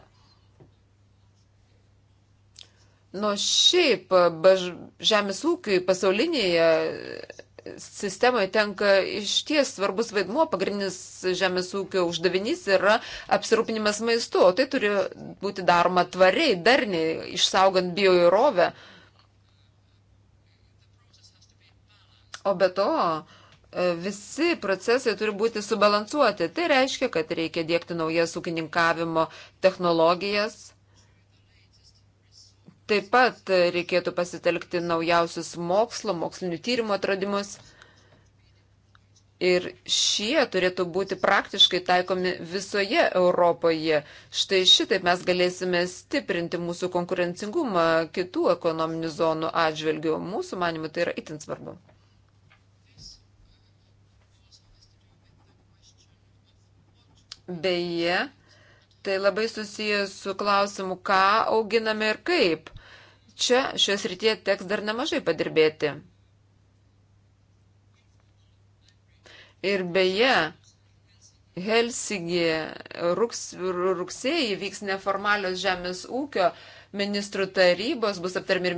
Nuo šiaip baž, žemės ūkiui pasaulinėje sistemoje tenka iš ties svarbus vaidmuo, pagrindinis žemės ūkio uždavinys yra apsirūpinimas maistu, o tai turi būti daroma tvariai, darniai, išsaugant bioįrovę. Uh, O be to, e, visi procesai turi būti subalansuoti. Tai reiškia, kad reikia dėkti naujas ūkininkavimo technologijas. Taip pat reikėtų pasitelkti naujausius mokslo, mokslinių tyrimų atradimus. Ir šie turėtų būti praktiškai taikomi visoje Europoje. Štai šitaip mes galėsime stiprinti mūsų konkurencingumą kitų ekonominių zonų atžvilgių. Mūsų manimų tai yra itin svarbu. Beje, tai labai susijęs su klausimu, ką auginame ir kaip. Čia šios rytie teks dar nemažai padirbėti. Ir beje, Helsigėje rugs, rugsėjį vyks neformalios žemės ūkio ministrų tarybos, bus aptarmi ir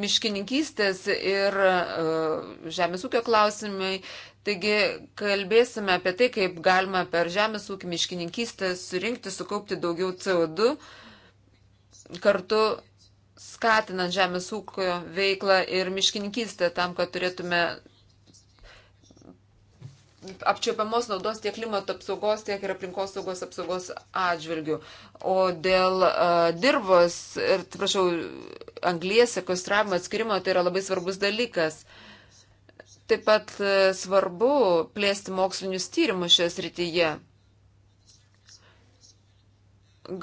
miškininkystės ir uh, žemės ūkio klausimai, Taigi kalbėsime apie tai, kaip galima per žemės ūkį miškininkystę surinkti, sukaupti daugiau CO2, kartu skatinant žemės ūkio veiklą ir miškininkystę tam, kad turėtume apčiopiamos naudos tiek klimato apsaugos, tiek ir aplinkos saugos apsaugos atžvilgių. O dėl uh, dirbos ir, prašau, anglies sekustravimo atskirimo tai yra labai svarbus dalykas. Uh, Taip pat e, svarbu plėsti mokslinius tyrimus šioje srityje.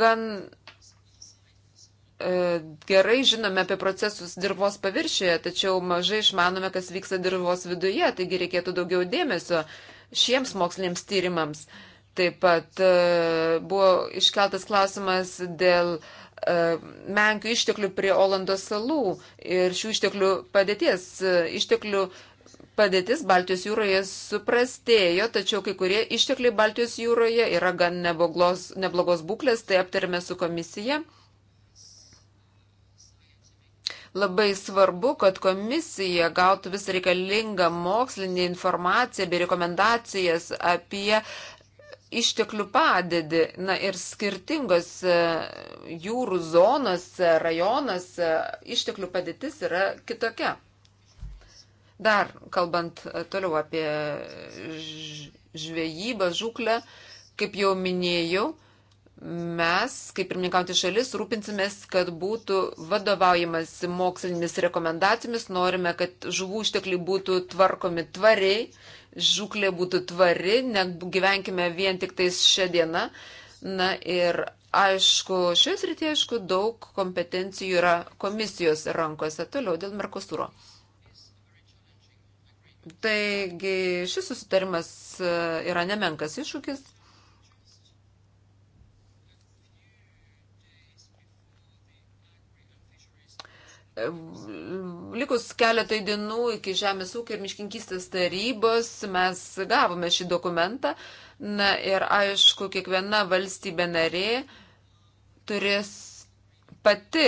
Gan e, gerai žinome apie procesus dirvos paviršyje, tačiau mažai išmanome, kas vyksta dirvos viduje, taigi reikėtų daugiau dėmesio šiems moksliniams tyrimams. Taip pat e, buvo iškeltas klausimas dėl menkių išteklių prie Olando salų ir šių išteklių padėties. Išteklių Padėtis Baltijos jūroje suprastėjo, tačiau kai kurie ištekliai Baltijos jūroje yra gan neblogos, neblogos būklės, tai aptarėme su komisija. Labai svarbu, kad komisija gautų visą reikalingą mokslinį informaciją bei rekomendacijas apie išteklių padėdį. Na ir skirtingos e, jūrų zonos, rajonos išteklių padėtis yra kitokia. Dar kalbant e, toliau apie žvejybą, žuklę, kaip jau minėjau, mes, kaip pirmininkauti šalis, rūpinsimės, kad būtų vadovaujamas mokslinėmis rekomendacijomis, norime, kad žuvų ištekliai būtų tvarkomi tvariai, žuklė būtų tvari, negyvenkime vien tik tais šią dieną. Na ir aišku, šioje srityje, aišku, daug kompetencijų yra komisijos rankose toliau dėl Merkosūro. Taigi šis susitarimas e, yra nemenkas iššūkis. E, likus keletai dienų iki Žemės ūkio ir miškinkystės tarybos mes gavome šį dokumentą. Na ir aišku, kiekviena valstybė narė turės pati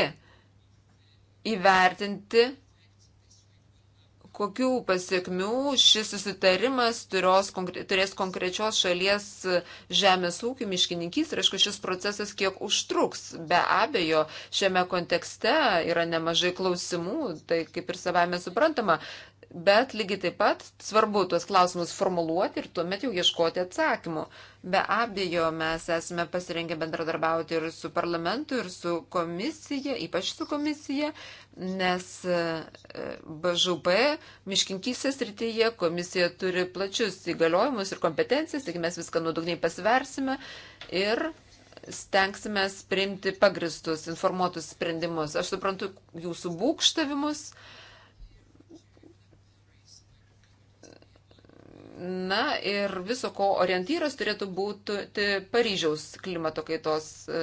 įvertinti kokių pasiekmių šis susitarimas konkre turės konkrečios šalies e, žemės ūkių miškininkys ir aišku šis procesas kiek užtruks. Be abejo, šiame kontekste yra nemažai klausimų, tai kaip ir savame suprantama, bet lygiai taip pat svarbu tuos klausimus formuluoti ir tuomet jau ieškoti atsakymų. Be abejo, mes esame pasirengę bendradarbiauti ir su parlamentu, ir su komisija, ypač su komisija, nes e, BŽP miškinkysės rytyje komisija turi plačius įgaliojimus ir kompetencijas, taigi mes viską nuodugniai pasversime ir stengsime priimti pagristus, informuotus sprendimus. Aš suprantu jūsų būkštavimus. Uh, Na ir viso ko orientyras turėtų būti Paryžiaus klimato kaitos e,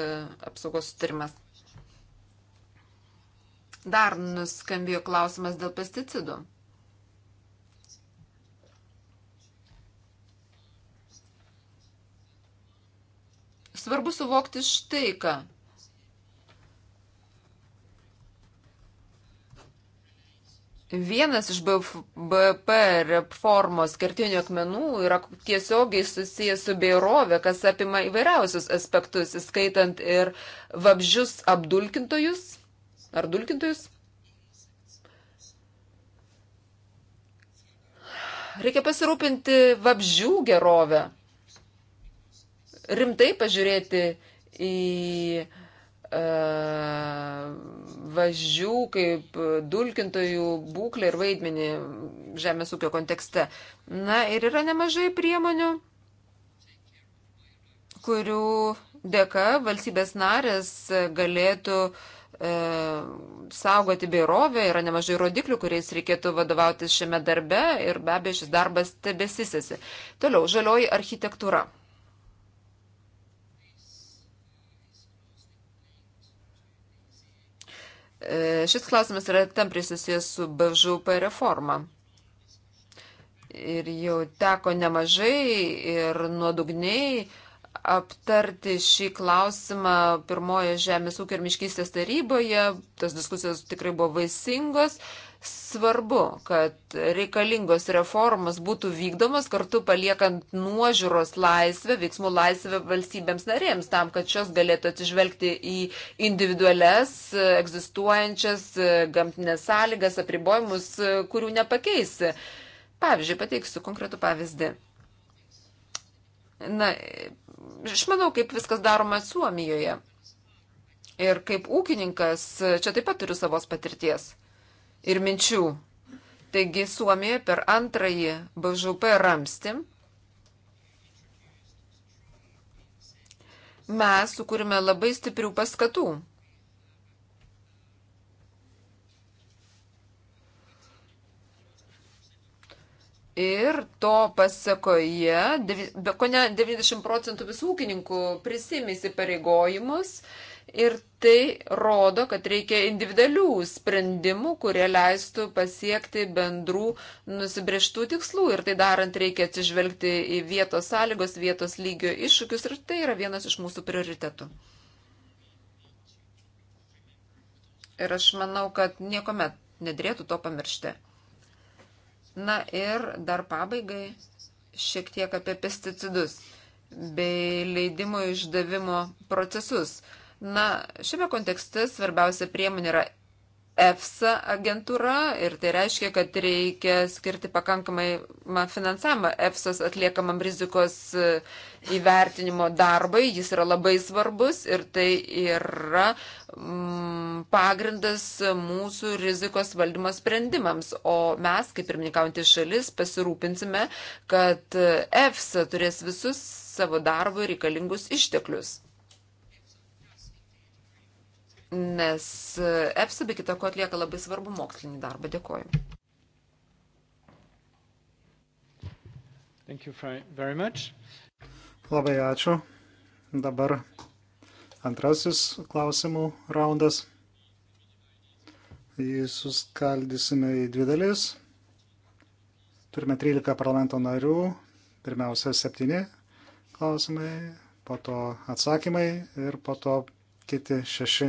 apsaugos sutarimas. Dar nuskambėjo klausimas dėl pesticidų. Svarbu suvokti štai ką. Vienas iš BFP reformos kertinių akmenų yra tiesiogiai susijęs su beirovė, kas apima įvairiausius aspektus, įskaitant ir vabžius apdulkintojus ar dulkintojus. Reikia pasirūpinti vabžių gerovę. Rimtai pažiūrėti į E, važių kaip dulkintojų būklę ir vaidmenį žemės ūkio kontekste. Na ir yra nemažai priemonių, kurių dėka valstybės narės galėtų e, saugoti beirovę, yra nemažai rodiklių, kuriais reikėtų vadovautis šiame darbe ir be abejo šis darbas tebesisėsi. Toliau, žalioji architektūra. E, šis klausimas yra tamprai susijęs su BŽUP reforma. Ir jau teko nemažai ir nuodugniai aptarti šį klausimą pirmojo Žemės ūkio ir miškystės taryboje. Tas diskusijos tikrai buvo vaisingos. E, Svarbu, kad reikalingos reformos būtų vykdomos kartu paliekant nuožiūros laisvę, veiksmų laisvę valstybėms narėms, tam, kad šios galėtų atsižvelgti į individualias e, egzistuojančias e, gamtinės sąlygas, apribojimus, e, kurių nepakeisi. Pavyzdžiui, pateiksiu konkretų pavyzdį. Na, aš manau, kaip viskas daroma Suomijoje. Ir kaip ūkininkas, čia taip pat turiu savos patirties ir minčių. Taigi Suomija per antrąjį BŽP ramstį mes sukūrime labai stiprių paskatų. Ir to pasakoje, ko ne 90 procentų visų ūkininkų prisimė įsipareigojimus Ir tai rodo, kad reikia individualių sprendimų, kurie leistų pasiekti bendrų nusibrieštų tikslų. Ir tai darant reikia atsižvelgti į vietos sąlygos, vietos lygio iššūkius. Ir tai yra vienas iš mūsų prioritetų. Ir aš manau, kad niekuomet nedrėtų to pamiršti. Na ir dar pabaigai šiek tiek apie pesticidus bei leidimo išdavimo procesus. Na, šiame kontekste svarbiausia priemonė yra EFSA agentūra ir tai reiškia, kad reikia skirti pakankamai finansavimą EFSAS atliekamam rizikos e, įvertinimo darbui. Jis yra labai svarbus ir tai yra mm, pagrindas mūsų rizikos valdymo sprendimams. O mes, kaip pirmininkaujantys šalis, pasirūpinsime, kad e, EFSA turės visus savo darbui reikalingus išteklius nes e, EPSA be kita ko atlieka labai svarbu mokslinį darbą. Dėkoju. Labai ačiū. Dabar antrasis klausimų raundas. Jį suskaldysime į dvi dalis. Turime 13 parlamento narių. Pirmiausia, septyni klausimai, po to atsakymai ir po to kiti šeši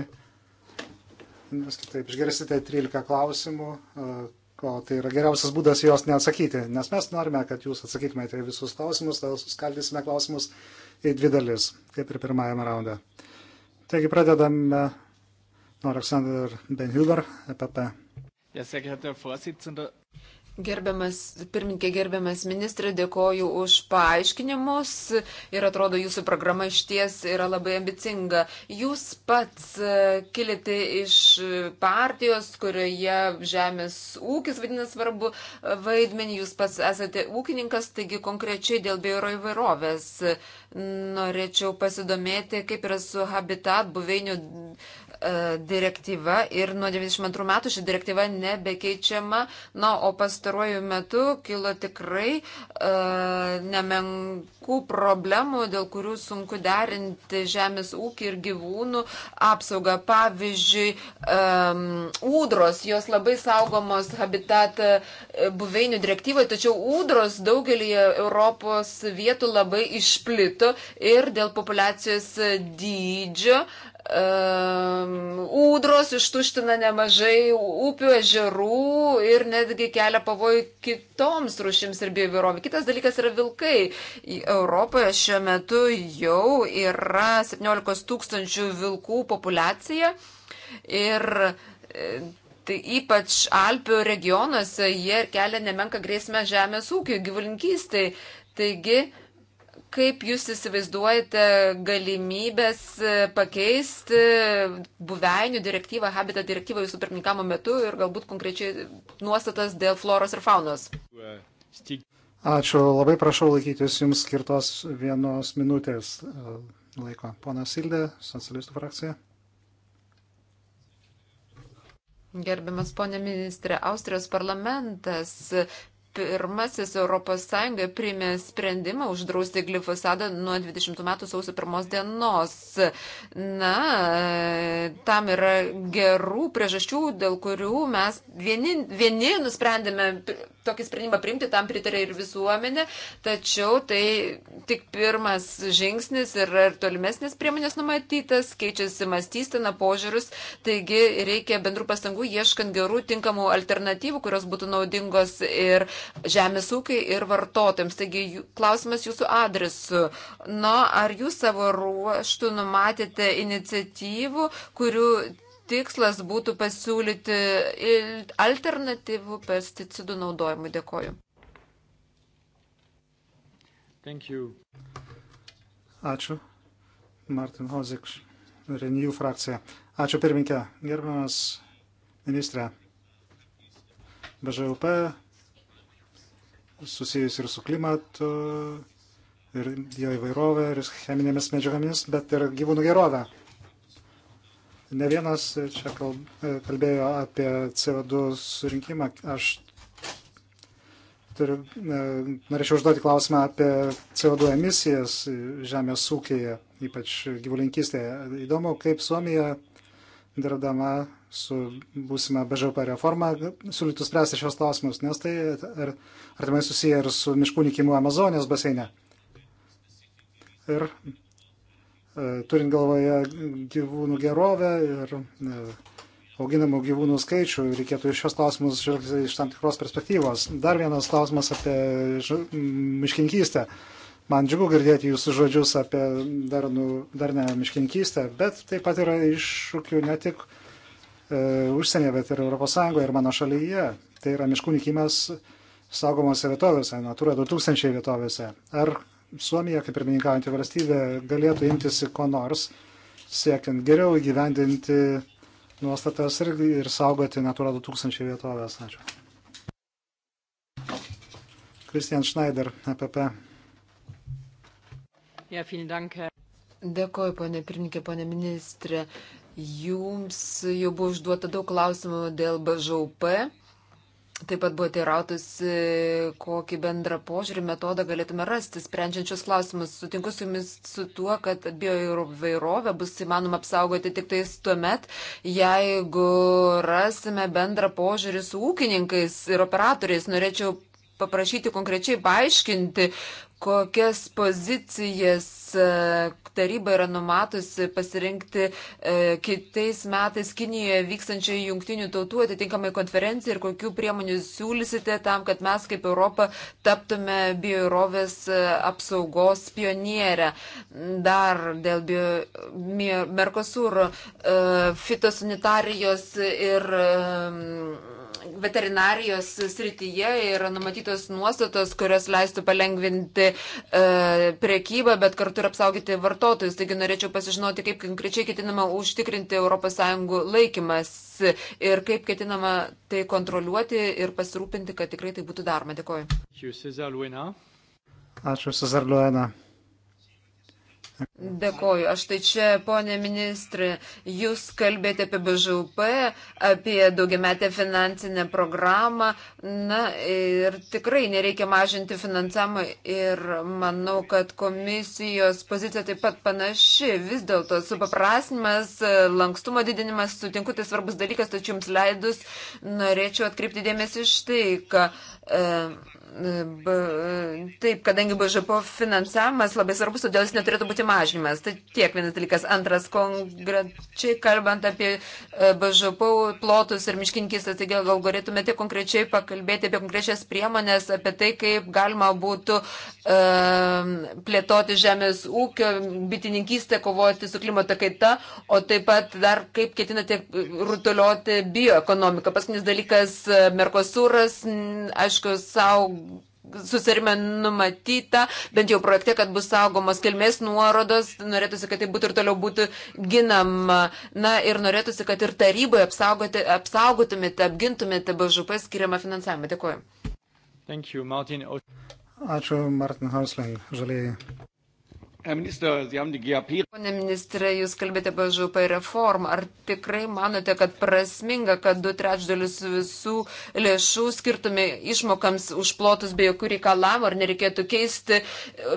Nes kitaip išgirsite 13 klausimų, e, o tai yra geriausias būdas jos neatsakyti, nes mes norime, kad jūs atsakytumėte į visus klausimus, tada suskaldysime klausimus į dvi dalis, kaip ir pirmajame raunde. Taigi pradedame nuo Aleksandr Benhilber, EPP. Ja, sehr geehrter Herr Vorsitzender. Gerbiamas pirmininkė, gerbiamas ministrė, dėkoju už paaiškinimus ir atrodo jūsų programa iš ties yra labai ambicinga. Jūs pats e, kilite iš partijos, kurioje žemės ūkis vadina svarbu e, vaidmenį, jūs pats esate ūkininkas, taigi konkrečiai dėl bėro įvairovės norėčiau pasidomėti, kaip yra su habitat buveinių E, direktyva ir nuo 92 metų ši direktyva nebekeičiama. Na, o pastaruoju metu kilo tikrai e, nemenkų problemų, dėl kurių sunku derinti žemės ūkį ir gyvūnų apsaugą. Pavyzdžiui, e, ūdros, jos labai saugomos habitat e, buveinių direktyvoje, tačiau ūdros daugelį Europos vietų labai išplito ir dėl populacijos dydžio e, Ehm, ūdros ištuština nemažai upių, ežerų ir netgi kelia pavojų kitoms rušims ir bioįvairovė. Kitas dalykas yra vilkai. Europoje šiuo metu jau yra 17 tūkstančių vilkų populacija ir e, tai ypač Alpių regionuose jie kelia nemenka grėsmę žemės ūkiui, gyvulinkystai. Taigi, kaip jūs įsivaizduojate galimybės e, pakeisti buveinių direktyvą, habitat direktyvą jūsų pirmininkamo metu ir galbūt konkrečiai nuostatas dėl floros ir faunos? Ačiū, labai prašau laikytis jums skirtos vienos minutės e, laiko. Ponas Sildė, socialistų frakcija. Gerbiamas ponė ministrė, Austrijos parlamentas pirmasis ES priėmė sprendimą uždrausti glifosadą nuo 20 metų sausio pirmos dienos. Na, tam yra gerų priežasčių, dėl kurių mes vieni, vieni nusprendėme tokį sprendimą priimti, tam pritarė ir visuomenė, tačiau tai tik pirmas žingsnis ir, ir tolimesnės priemonės numatytas, keičiasi mąstystina, požiūrius, taigi reikia bendrų pastangų ieškant gerų, tinkamų alternatyvų, kurios būtų naudingos ir žemės ūkiai ir vartotojams. Taigi klausimas jūsų adresu. Na, ar jūs savo ruoštų numatėte iniciatyvų, kurių tikslas būtų pasiūlyti alternatyvų pesticidų naudojimui? Dėkoju. Ačiū. Martin Hozik, Renew frakcija. Ačiū pirminkė. Gerbiamas ministrė. BŽUP susijus ir su klimatu, ir jo įvairovė, ir cheminėmis medžiagomis, bet ir gyvūnų gerovę. Ne vienas čia e, kalbėjo apie CO2 surinkimą. Aš turiu, e, norėčiau užduoti klausimą apie CO2 emisijas žemės ūkėje, ypač gyvulinkystėje. Įdomu, kaip Suomija dirbdama su būsime BŽP reforma siūlytų spręsti šios klausimus, nes tai artimai susiję ir su miškų nikimu Amazonijos baseine. Ir e, turint galvoje gyvūnų gerovę ir e, auginamų gyvūnų skaičių, reikėtų iš šios klausimus žvelgti iš tam tikros perspektyvos. Dar vienas klausimas apie miškininkystę. Man džiugu girdėti jūsų žodžius apie darnų, darnę miškininkystę, bet taip pat yra iššūkių ne tik uh, E, užsienyje, bet ir ES ir mano šalyje. Tai yra miškų nikimas saugomose vietovėse, Natura 2000 vietovėse. Ar Suomija, kaip pirmininkaujantį valstybę, galėtų imtis ko nors, siekiant geriau įgyvendinti nuostatas ir, ir saugoti Natura 2000 vietovės? Ačiū. Kristian Schneider, EPP. Ja, Dėkuoju, ponė pirmininkė, ponė ministrė. Jums jau buvo užduota daug klausimų dėl BŽUP. Taip pat buvo teirautas, kokį bendrą požiūrį metodą galėtume rasti, sprendžiančius klausimus. Sutinku su jumis su tuo, kad bioįvairovę bus įmanoma apsaugoti tik tais tuo met, jeigu rasime bendrą požiūrį su ūkininkais ir operatoriais. Norėčiau paprašyti konkrečiai paaiškinti, kokias pozicijas e, taryba yra numatusi pasirinkti e, kitais metais Kinijoje vykstančiai jungtinių tautų atitinkamai konferencijai ir kokių priemonių siūlysite tam, kad mes kaip Europa taptume bioįrovės e, apsaugos pionierę. Dar dėl bio, Merkosūro fitosanitarijos ir veterinarijos srityje yra numatytos nuostatos, kurios leistų palengvinti e, prekybą, bet kartu ir apsaugoti vartotojus. Taigi norėčiau pasižinoti, kaip konkrečiai ketinama užtikrinti ES laikymas ir kaip ketinama tai kontroliuoti ir pasirūpinti, kad tikrai tai būtų daroma. Dėkuoju. Ačiū, Cezar Luena. Ačiū, Cezar Luena. Dėkoju. Aš tai čia, ponė ministrė, jūs kalbėjote apie BŽUP, apie daugiametę finansinę programą. Na ir tikrai nereikia mažinti finansavimą ir manau, kad komisijos pozicija taip pat panaši. Vis dėlto supaprasnimas, lankstumo didinimas, sutinku, tai svarbus dalykas, tačiau jums leidus norėčiau atkreipti dėmesį iš tai, kad. E, Taip, kadangi BŽP finansavimas labai svarbus, todėl jis neturėtų būti mažinimas. Tai tiek vienas dalykas. Antras, konkrečiai kalbant apie e, BŽP plotus ir miškinkistą, taigi gal galėtumėte konkrečiai pakalbėti apie konkrečias priemonės, apie tai, kaip galima būtų e, plėtoti žemės ūkio, bitininkistę, kovoti su klimato kaita, o taip pat dar kaip ketinate rutulioti bioekonomiką. Paskutinis dalykas e, - Merkosūras, aišku, saug susirime numatyta, bent jau projekte, kad bus saugomos kilmės nuorodos, norėtųsi, kad tai būtų ir toliau būtų ginama. Na ir norėtųsi, kad ir taryboje apsaugotumėte, apgintumėte BŽP skiriamą finansavimą. Dėkuoju. Thank you, Martin. Ačiū, Martin Hausling, žaliai. Pone ministrė, jūs kalbėte apie ŽUP reformą. Ar tikrai manote, kad prasminga, kad du trečdalius visų lėšų skirtume išmokams už plotus be jokių reikalavimų, ar nereikėtų keisti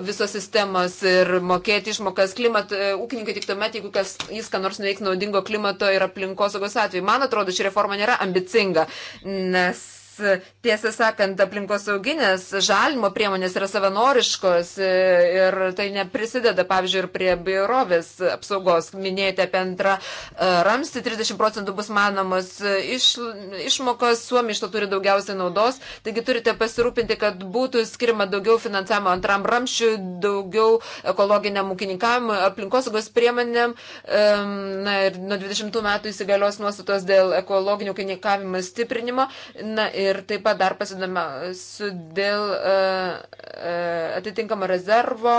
visos sistemos ir mokėti išmokas klimat, ūkininkai tik tuomet, jeigu kas, jis ką nors nuveiks naudingo klimato ir aplinkosaugos atveju. Man atrodo, ši reforma nėra ambicinga, nes tiesą sakant, aplinkosauginės žalimo priemonės yra savanoriškos e, ir tai neprisideda, pavyzdžiui, ir prie biurovės apsaugos. Minėjote apie antrą e, ramstį, 30 procentų bus manomos e, iš, išmokos, Suomija iš to turi daugiausiai naudos, taigi turite pasirūpinti, kad būtų skirima daugiau finansavimo antram ramščiui, daugiau ekologiniam ūkininkavimui, aplinkosaugos priemonėm. Na ir nuo 20 metų įsigalios nuostatos dėl ekologinio ūkininkavimo stiprinimo. Na, ir ir taip pat dar pasidama su dėl uh, uh, atitinkamo rezervo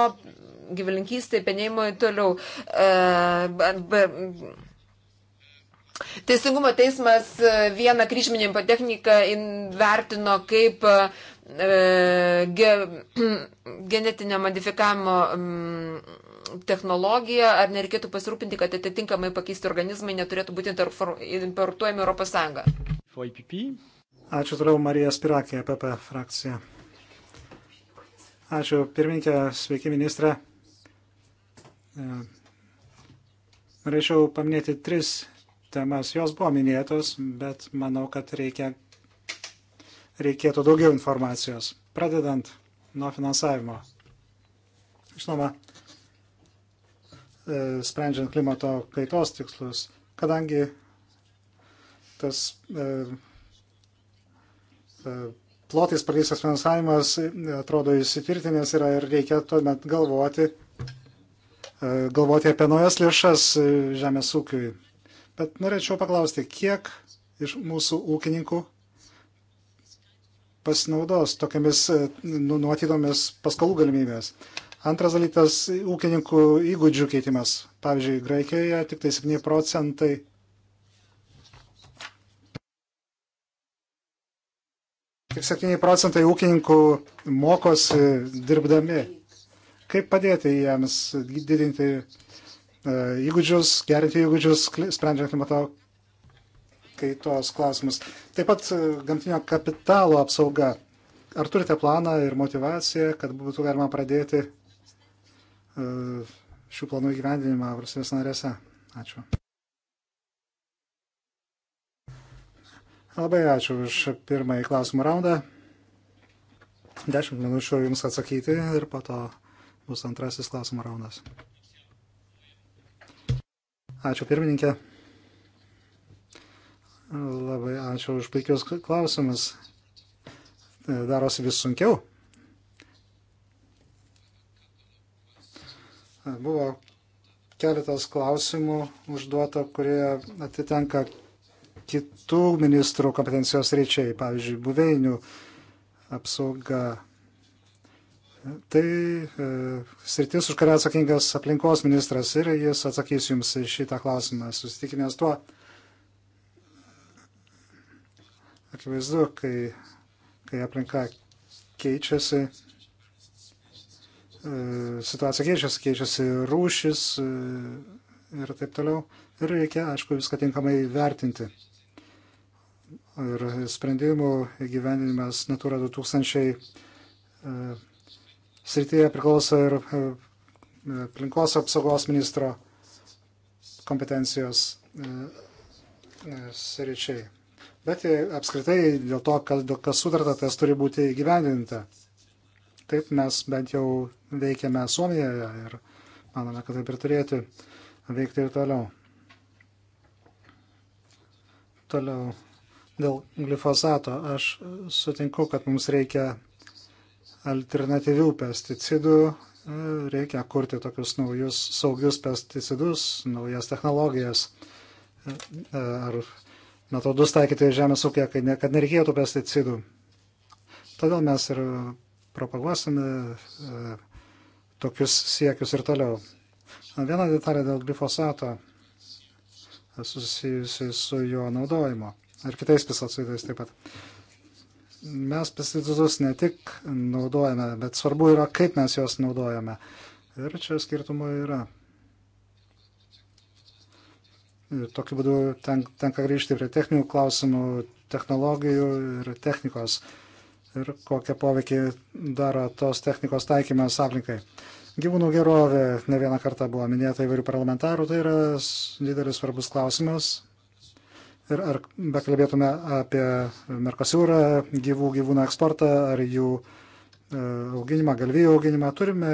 gyvulinkystai, penėjimui toliau. Uh, Teisingumo teismas vieną kryžminimo techniką vertino kaip ge, genetinio modifikavimo mm, technologiją, ar nereikėtų pasirūpinti, kad atitinkamai pakeisti organizmai neturėtų būti importuojami Europos Sąjungą. Ačiū toliau Marija Spirakė, PP frakcija. Ačiū pirmininkė, sveiki ministrė. E, norėčiau paminėti tris temas. Jos buvo minėtos, bet manau, kad reikia, reikėtų daugiau informacijos. Pradedant nuo finansavimo. Žinoma, e, sprendžiant klimato kaitos tikslus, kadangi tas e, plotais pradėstas finansavimas atrodo įsitvirtinęs yra ir reikia tuomet galvoti, e, galvoti apie naujas lėšas žemės ūkiui. Bet norėčiau paklausti, kiek iš mūsų ūkininkų pasinaudos tokiamis e, nu, numatytomis paskolų galimybės. Antras dalykas - ūkininkų įgūdžių keitimas. Pavyzdžiui, Graikijoje tik tai 7 procentai Tik 7 procentai ūkininkų mokosi dirbdami. Kaip padėti jiems didinti e, įgūdžius, gerinti įgūdžius, sprendžiant klimato kaitos klausimus. Taip pat e, gamtinio kapitalo apsauga. Ar turite planą ir motivaciją, kad būtų galima pradėti e, šių planų įgyvendinimą valstybės narėse? Ačiū. Labai ačiū už pirmąjį klausimų raundą. Dešimt minučių Jums atsakyti ir po to bus antrasis klausimų raundas. Ačiū pirmininkė. Labai ačiū už puikius klausimus. Darosi vis sunkiau. Buvo keletas klausimų užduota, kurie atitenka kitų ministrų kompetencijos reičiai, pavyzdžiui, buveinių apsauga. Tai e, sritis, už kurią atsakingas aplinkos ministras ir jis atsakys jums šitą klausimą, susitikinęs tuo. Akivaizdu, kai, kai aplinka keičiasi, e, situacija keičiasi, keičiasi rūšis e, ir taip toliau. Ir reikia, aišku, viską tinkamai vertinti ir sprendimų įgyvendinimas Natura 2000 e, srityje priklauso ir e, aplinkos apsaugos ministro kompetencijos e, sričiai. Bet apskritai dėl to, kas sutarta, tas turi būti įgyvendinta. Taip mes bent jau veikiame Suomijoje ir manome, kad taip ir turėtų veikti ir toliau. Toliau Dėl glifosato aš sutinku, kad mums reikia alternatyvių pesticidų, reikia kurti tokius naujus saugius pesticidus, naujas technologijas ar metodus taikyti žemės ūkė, kad nereikėtų pesticidų. Todėl mes ir propaguosime e, tokius siekius ir toliau. Viena detalė dėl glifosato susijusi su jo naudojimu ir kitais pesticidais taip pat. Mes pesticidus ne tik naudojame, bet svarbu yra, kaip mes juos naudojame. Ir čia skirtumų yra. Ir tokiu būdu ten, tenka grįžti prie techninių klausimų, technologijų ir technikos. Ir kokią poveikį daro tos technikos taikymas aplinkai. Gyvūnų gerovė ne vieną kartą buvo minėta įvairių parlamentarų, tai yra didelis svarbus klausimas, Ir ar bekalbėtume apie Merkosiūrą, gyvų gyvūnų eksportą ar jų e, auginimą, galvijų auginimą, turime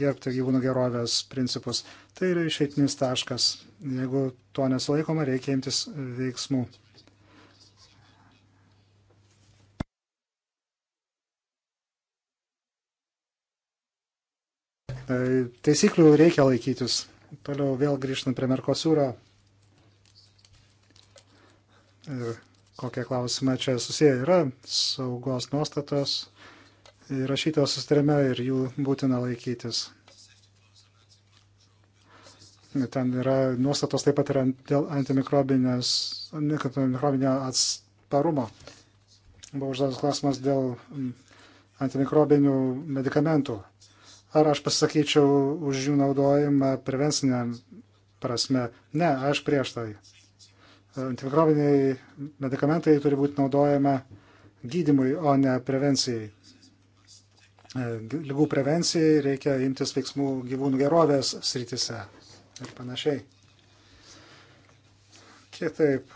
gerbti gyvūnų gerovės principus. Tai yra išeitinis taškas. Jeigu to nesilaikoma, reikia imtis veiksmų. E, taisyklių reikia laikytis. Toliau vėl grįžtant prie Merkosiūro ir kokie klausimai čia susiję yra, saugos nuostatos įrašytos sustarime ir jų būtina laikytis. Ten yra nuostatos taip pat yra dėl antimikrobinio atsparumo. Buvo užduotas klausimas dėl mm, antimikrobinių medikamentų. Ar aš pasakyčiau už jų naudojimą prevencinę prasme? Ne, aš prieš tai antimikrobiniai medikamentai turi būti naudojama gydimui, o ne prevencijai. E, Lygų prevencijai reikia imtis veiksmų gyvūnų gerovės srityse ir panašiai. Kitaip.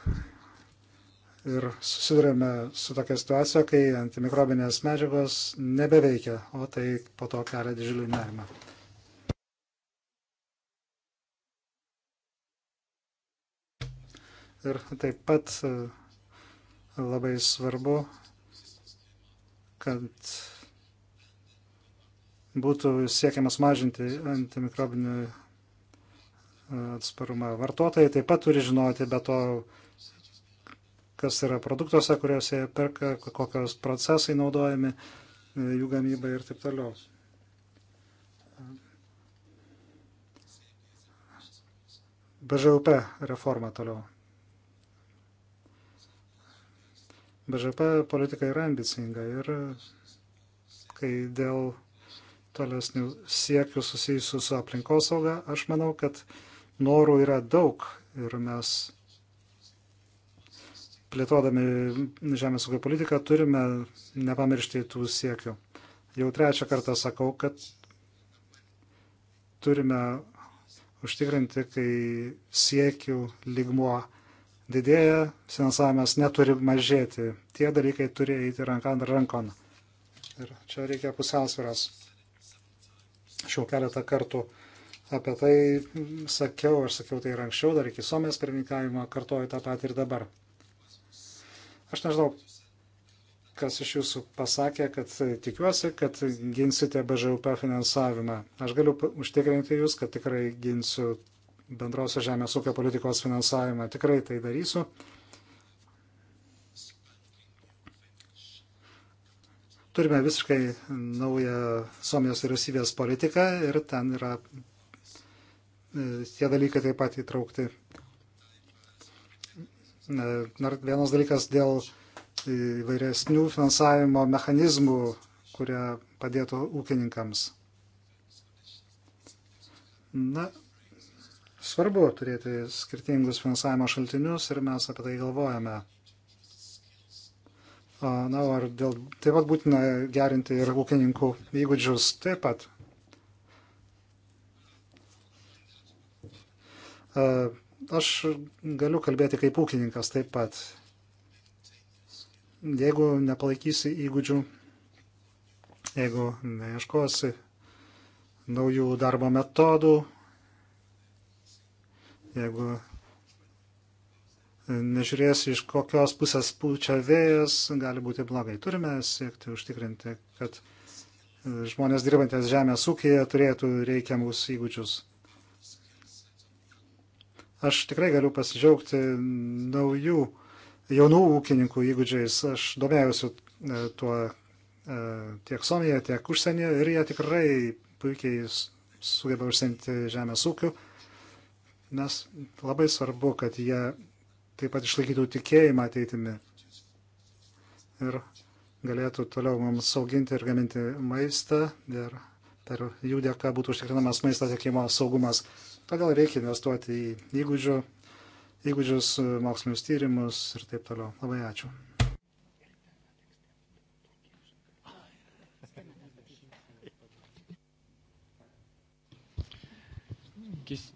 Ir susidurėme su tokia situacija, kai antimikrobinės medžiagos nebeveikia, o tai po to kelia didžiulį nerimą. Ir taip pat e, labai svarbu, kad būtų siekiamas mažinti antimikrobinį e, atsparumą. Vartotojai taip pat turi žinoti, be to, kas yra produktuose, kuriuose jie perka, kokios procesai naudojami e, jų gamybai ir taip toliau. BŽUP reforma toliau. BŽP politika yra ambicinga ir kai dėl tolesnių siekių susijusių su aplinkosauga, aš manau, kad norų yra daug ir mes plėtodami žemės ūkio politiką turime nepamiršti tų siekių. Jau trečią kartą sakau, kad turime užtikrinti, kai siekių lygmuo didėja, finansavimas neturi mažėti. Tie dalykai turi eiti rankant rankon. Ir čia reikia pusiausvėros. Aš jau keletą kartų apie tai sakiau, aš sakiau tai ir anksčiau, dar iki Suomės pirmininkavimo, kartuoju tą patį ir dabar. Aš nežinau, kas iš jūsų pasakė, kad tikiuosi, kad ginsite BŽUP finansavimą. Aš galiu užtikrinti jūs, kad tikrai ginsiu bendrosios žemės ūkio politikos finansavimą. Tikrai tai darysiu. Turime visiškai naują Suomijos vyriausybės politiką ir ten yra e, tie dalykai taip pat įtraukti. Nors vienas dalykas dėl įvairesnių finansavimo mechanizmų, kurie padėtų ūkininkams. Na, Svarbu turėti skirtingus finansavimo šaltinius ir mes apie tai galvojame. Na, ar dėl, taip pat būtina gerinti ir ūkininkų įgūdžius taip pat. Aš galiu kalbėti kaip ūkininkas taip pat. Jeigu nepalaikysi įgūdžių, jeigu neieškosi naujų darbo metodų, Jeigu e, nežiūrėsi, iš kokios pusės pučia vėjas, gali būti blogai. Turime siekti užtikrinti, kad e, žmonės dirbantys žemės ūkėje turėtų reikiamus įgūdžius. Aš tikrai galiu pasidžiaugti naujų jaunų ūkininkų įgūdžiais. Aš domėjausi e, tuo tiek Somijoje, tiek užsienyje ir jie tikrai puikiai sugeba užsiimti žemės ūkiu nes labai svarbu, kad jie taip pat išlaikytų tikėjimą ateitimi ir galėtų toliau mums sauginti ir gaminti maistą ir per jų dėka būtų užtikrinamas maisto tiekimo saugumas. Todėl reikia investuoti į įgūdžių, įgūdžius, mokslinius tyrimus ir taip toliau. Labai ačiū. Kis,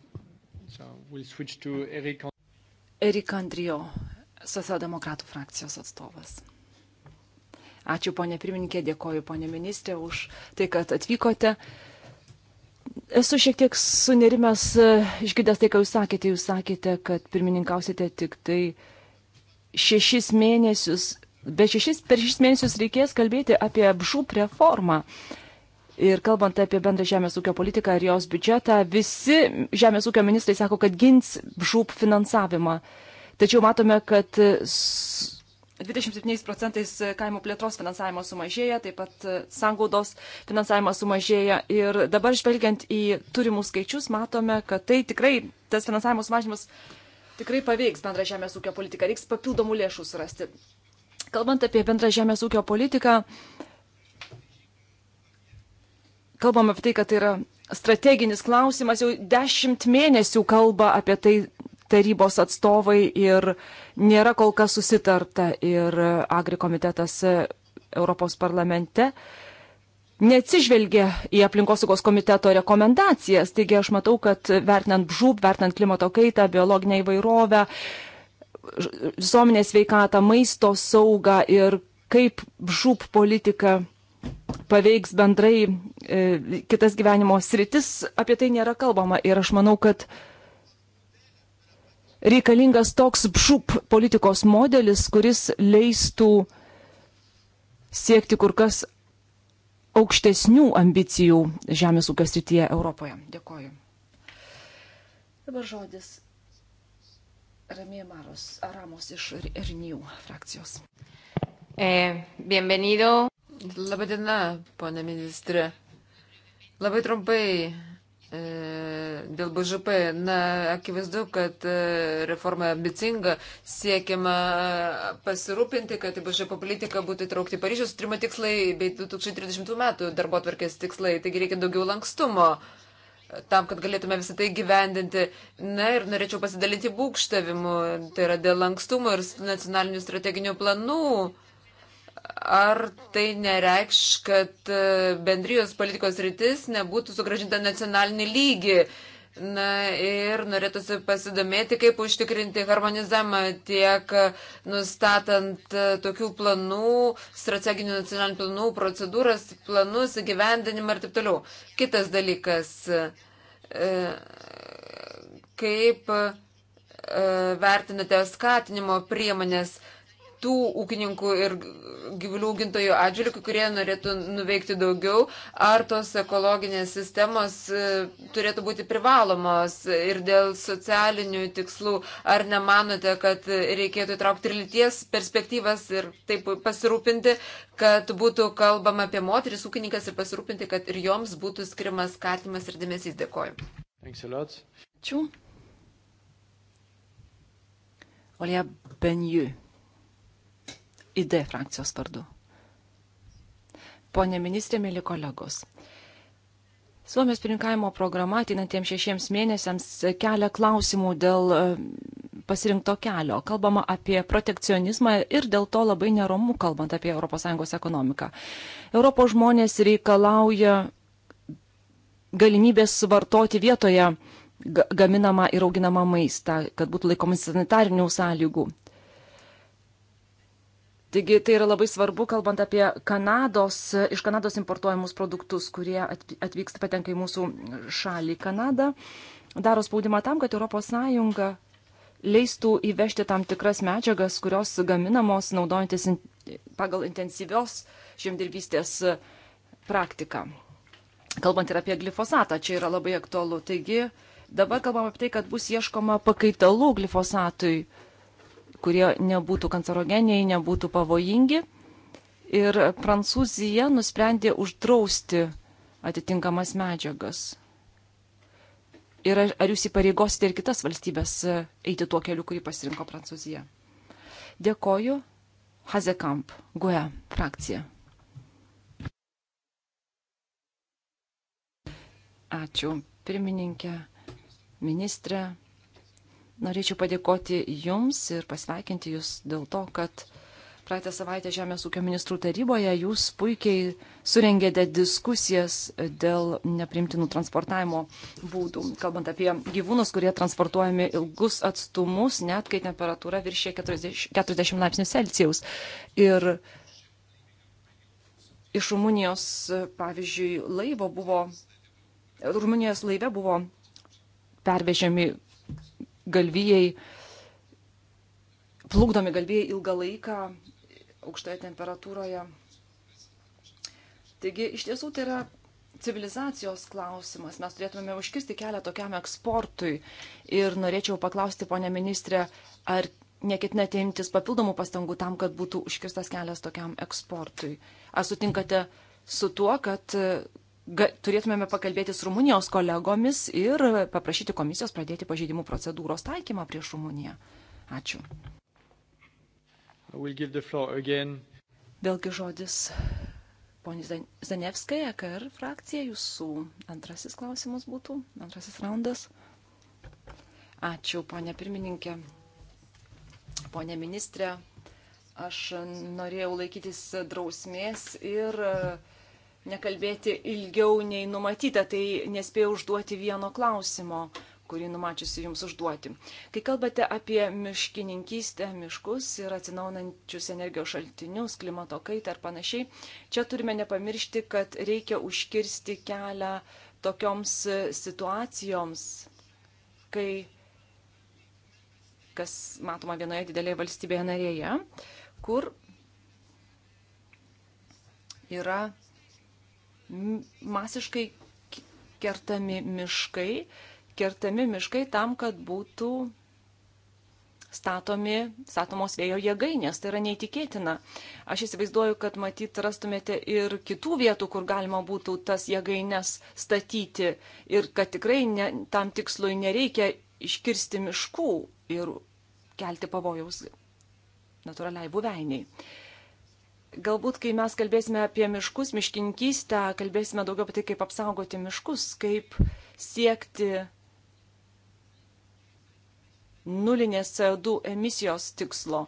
We'll switch to Eric Erik Andrijo, socialdemokratų frakcijos atstovas. Ačiū, ponė pirmininkė, dėkoju, ponė ministrė, už tai, kad atvykote. Esu šiek tiek sunerimęs, e, išgirdęs tai, ką jūs sakėte. Jūs sakėte, kad pirmininkausite tik tai šešis mėnesius, bet šešis, per šešis mėnesius reikės kalbėti apie BŽUP reformą. Uh, Ir kalbant apie bendrą žemės ūkio politiką ir jos biudžetą, visi žemės ūkio ministrai sako, kad gins žūp finansavimą. Tačiau matome, kad 27 procentais kaimo plėtros finansavimas sumažėja, taip pat sangaudos finansavimas sumažėja. Ir dabar žvelgiant į turimus skaičius, matome, kad tai tikrai tas finansavimo sumažinimas tikrai paveiks bendrą žemės ūkio politiką, reiks papildomų lėšų surasti. Kalbant apie bendrą žemės ūkio politiką, uh, kalbam apie tai, kad tai yra strateginis klausimas, jau dešimt mėnesių kalba apie tai tarybos atstovai ir nėra kol kas susitarta ir Agri komitetas Europos parlamente neatsižvelgia į aplinkosaugos komiteto rekomendacijas. Taigi aš matau, kad vertinant žūb, vertinant klimato kaitą, biologinę įvairovę, visuomenės veikatą, maisto saugą ir kaip žūb politika paveiks bendrai e, kitas gyvenimo sritis, apie tai nėra kalbama. Ir aš manau, kad reikalingas toks bšup politikos modelis, kuris leistų siekti kur kas aukštesnių ambicijų žemės ūkio srityje Europoje. Dėkoju. Dabar žodis Ramie Maros Aramos iš Renew frakcijos. Eh, bienvenido. Labadiena, ponė ministrė. Labai trumpai e, dėl BŽP. Na, akivaizdu, kad e, reforma ambicinga, siekiama e, pasirūpinti, kad į BŽP politiką būtų įtraukti Paryžiaus trimo tikslai bei 2030 metų darbo tvarkės tikslai. Taigi reikia daugiau lankstumo tam, kad galėtume visą tai gyvendinti. Na ir norėčiau pasidalinti būkštavimu, tai yra dėl lankstumo ir nacionalinių strateginių planų. Uh, Ar tai nereikš, kad e, bendrijos politikos rytis nebūtų sugražinta nacionalinį lygį? Na ir norėtųsi pasidomėti, kaip užtikrinti harmonizavimą tiek nustatant e, tokių planų, strateginių nacionalinių planų, procedūras, planus, gyvendinimą ir taip toliau. Kitas dalykas, e, kaip vertinate skatinimo priemonės? tų ūkininkų ir gyvulių augintojų atžvilgių, kurie norėtų nuveikti daugiau, ar tos ekologinės sistemos e, turėtų būti privalomos ir dėl socialinių tikslų, ar nemanote, kad reikėtų įtraukti ir lyties perspektyvas ir taip pasirūpinti, kad būtų kalbama apie moteris ūkininkas ir pasirūpinti, kad ir joms būtų skirimas skatimas ir dėmesys. Dėkoju. Ačiū. Olia Benjų. ID frakcijos vardu. Pone ministrė, mėly kolegos. Suomijos pirinkavimo programa ateinantiems šešiems mėnesiams kelia klausimų dėl e, pasirinkto kelio. Kalbama apie protekcionizmą ir dėl to labai neromu, kalbant apie ES ekonomiką. Europos žmonės reikalauja galimybės vartoti vietoje gaminamą ir auginamą maistą, kad būtų laikomas sanitarinių sąlygų. Taigi tai yra labai svarbu, kalbant apie Kanados, iš Kanados importuojamus produktus, kurie atvyksta patenka į mūsų šalį. Kanada daro spaudimą tam, kad ES leistų įvežti tam tikras medžiagas, kurios gaminamos naudojantis in, pagal intensyvios žemdirbystės praktiką. Kalbant ir apie glifosatą, čia yra labai aktualu. Taigi dabar kalbam apie tai, kad bus ieškoma pakaitalų glifosatui kurie nebūtų kancerogeniai, nebūtų pavojingi. Ir Prancūzija nusprendė uždrausti atitinkamas medžiagas. Ir ar jūs įpareigosite ir kitas valstybės e, eiti tuo keliu, kurį pasirinko Prancūzija? Dėkoju. Hazekamp, GUE frakcija. Ačiū, pirmininkė, ministrė. Norėčiau padėkoti Jums ir pasveikinti Jūs dėl to, kad praeitą savaitę Žemės ūkio ministrų taryboje Jūs puikiai surengėte diskusijas dėl neprimtinų transportavimo būdų, kalbant apie gyvūnus, kurie transportuojami ilgus atstumus, net kai temperatūra viršė 40, 40 laipsnių Celsijaus. Ir iš Rumunijos, pavyzdžiui, laivo buvo, Rumunijos laive buvo pervežiami galvijai, plukdomi galvijai ilgą laiką aukštoje temperatūroje. Taigi iš tiesų tai yra civilizacijos klausimas. Mes turėtume užkirsti kelią tokiam eksportui. Ir norėčiau paklausti, ponė ministrė, ar neketinate imtis papildomų pastangų tam, kad būtų užkirstas kelias tokiam eksportui? Ar sutinkate su tuo, kad turėtumėme pakalbėti su Rumunijos kolegomis ir paprašyti komisijos pradėti pažeidimų procedūros taikymą prieš Rumuniją. Ačiū. Vėlgi žodis ponis Zanevskai, EKR frakcija, jūsų antrasis klausimas būtų, antrasis raundas. Ačiū, ponė pirmininkė, ponė ministrė. Aš norėjau laikytis drausmės ir uh, nekalbėti ilgiau nei numatyta, tai nespėjau užduoti vieno klausimo, kurį numačiusi jums užduoti. Kai kalbate apie miškininkystę, miškus ir atsinaunančius energijos šaltinius, klimato kaitą ir panašiai, čia turime nepamiršti, kad reikia užkirsti kelią tokioms situacijoms, kai kas matoma vienoje didelėje valstybėje narėje, kur yra masiškai kertami miškai, kertami miškai tam, kad būtų statomi, statomos vėjo jėgainės. Tai yra neįtikėtina. Aš įsivaizduoju, kad matyt rastumėte ir kitų vietų, kur galima būtų tas jėgainės statyti ir kad tikrai ne, tam tikslui nereikia iškirsti miškų ir kelti pavojaus natūraliai buveiniai. Galbūt, kai mes kalbėsime apie miškus, miškininkystę, kalbėsime daugiau apie tai, kaip apsaugoti miškus, kaip siekti nulinės CO2 emisijos tikslo.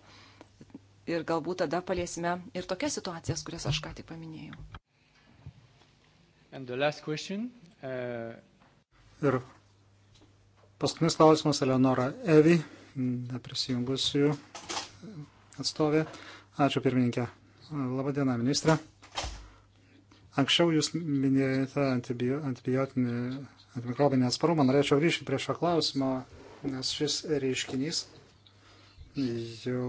Ir galbūt tada paliesime ir tokias situacijas, kurias aš ką tik paminėjau. Uh... Ir paskutinis klausimas, Eleonora Evi, neprisijungusių atstovė. Ačiū pirmininkė. Labadiena, ministra. Anksčiau jūs minėjote antibiotinį, antimikrobinį atsparumą. Norėčiau grįžti prie šio klausimo, nes šis reiškinys jau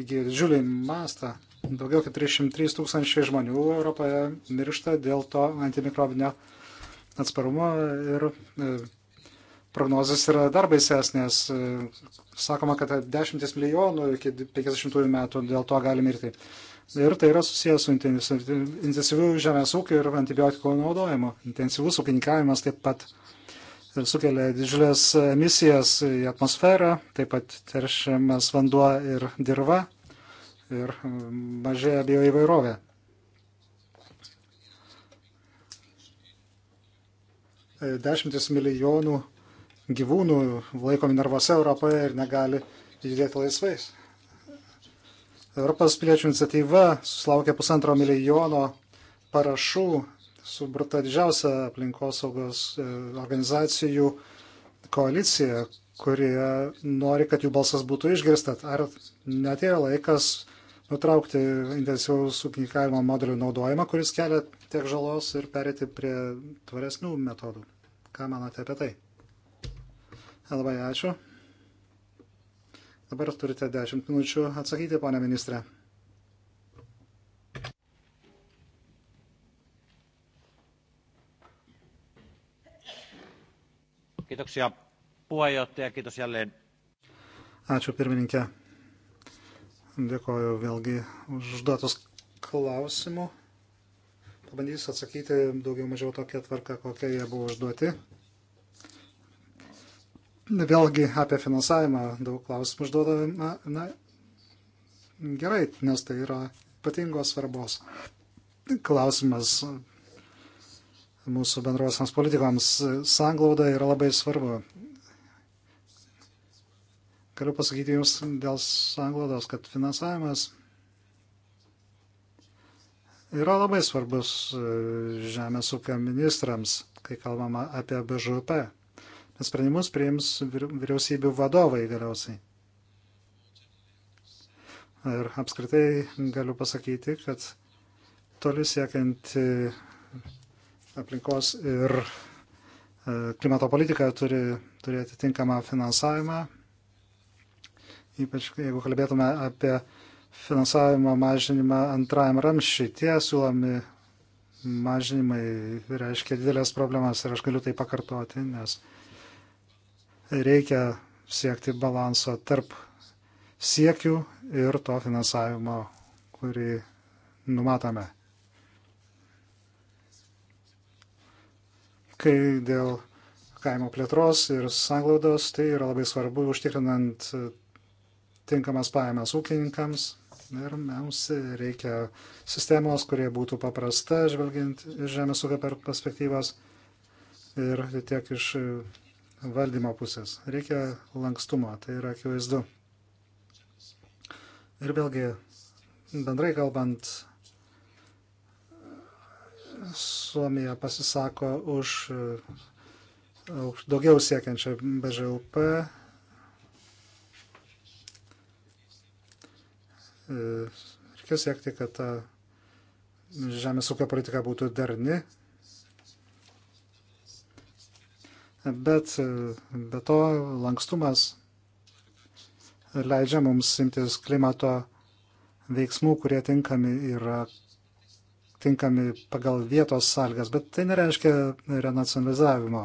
įgyja didžiulį mastą. Daugiau kaip 303 tūkstančiai žmonių Europoje miršta dėl to antimikrobinio atsparumo ir e, prognozijas yra dar baisesnės. Sakoma, kad 10 milijonų iki 50 metų dėl to gali mirti. Ir tai yra susijęs su intensyviu žemės ūkiu ir antibiotikų naudojimu. Intensyvus ūkininkavimas taip pat sukelia didžiulės emisijas į atmosferą, taip pat teršiamas vanduo ir dirba ir mažėja bioįvairovė. Dešimtis milijonų gyvūnų laikomi narvose Europoje ir negali judėti laisvais. Europos piliečių iniciatyva susilaukė pusantro milijono parašų, suburta didžiausia aplinkosaugos e, organizacijų koalicija, kurie nori, kad jų balsas būtų išgirstat. Ar netėjo laikas nutraukti intensyvaus ūkininkavimo modelių naudojimą, kuris kelia tiek žalos ir perėti prie tvaresnių metodų. Ką manote apie tai? Labai ačiū. Dabar turite 10 minučių atsakyti, ponė ministrė. Kiitoksia puheenjohtaja, kiitos jälleen. Ačiū pirmininkė. Dėkoju vėlgi už užduotus klausimų. Pabandysiu atsakyti daugiau mažiau tokia tvarka, kokia jie buvo užduoti. Vėlgi apie finansavimą daug klausimų užduodama. Na, na, gerai, nes tai yra ypatingos svarbos klausimas mūsų bendruosiams politikams. Sanglauda yra labai svarbu. Galiu pasakyti Jums dėl sanglaudos, kad finansavimas yra labai svarbus žemės ūkio ministrams, kai kalbama apie BŽP sprendimus priims vyriausybių vadovai galiausiai. Ir apskritai galiu pasakyti, kad toli siekiant e, aplinkos ir e, klimato politika turi turėti tinkamą finansavimą. Ypač jeigu kalbėtume apie finansavimo mažinimą antrajam ramščiui, tie siūlomi mažinimai reiškia didelės problemas ir aš galiu tai pakartoti, nes reikia siekti balanso tarp siekių ir to finansavimo, kurį numatome. Kai dėl kaimo plėtros ir sanglaudos, tai yra labai svarbu užtikrinant tinkamas pajamas ūkininkams ir mums reikia sistemos, kurie būtų paprasta, žvelgiant iš žemės ūkio perspektyvos ir tiek iš valdymo pusės. Reikia lankstumo, tai yra akivaizdu. Ir vėlgi, bendrai kalbant, Suomija pasisako už daugiau siekiančią BŽLP. Reikia siekti, kad ta žemės ūkio politika būtų darni bet be to lankstumas leidžia mums imtis klimato veiksmų, kurie tinkami yra tinkami pagal vietos sąlygas, bet tai nereiškia renacionalizavimo.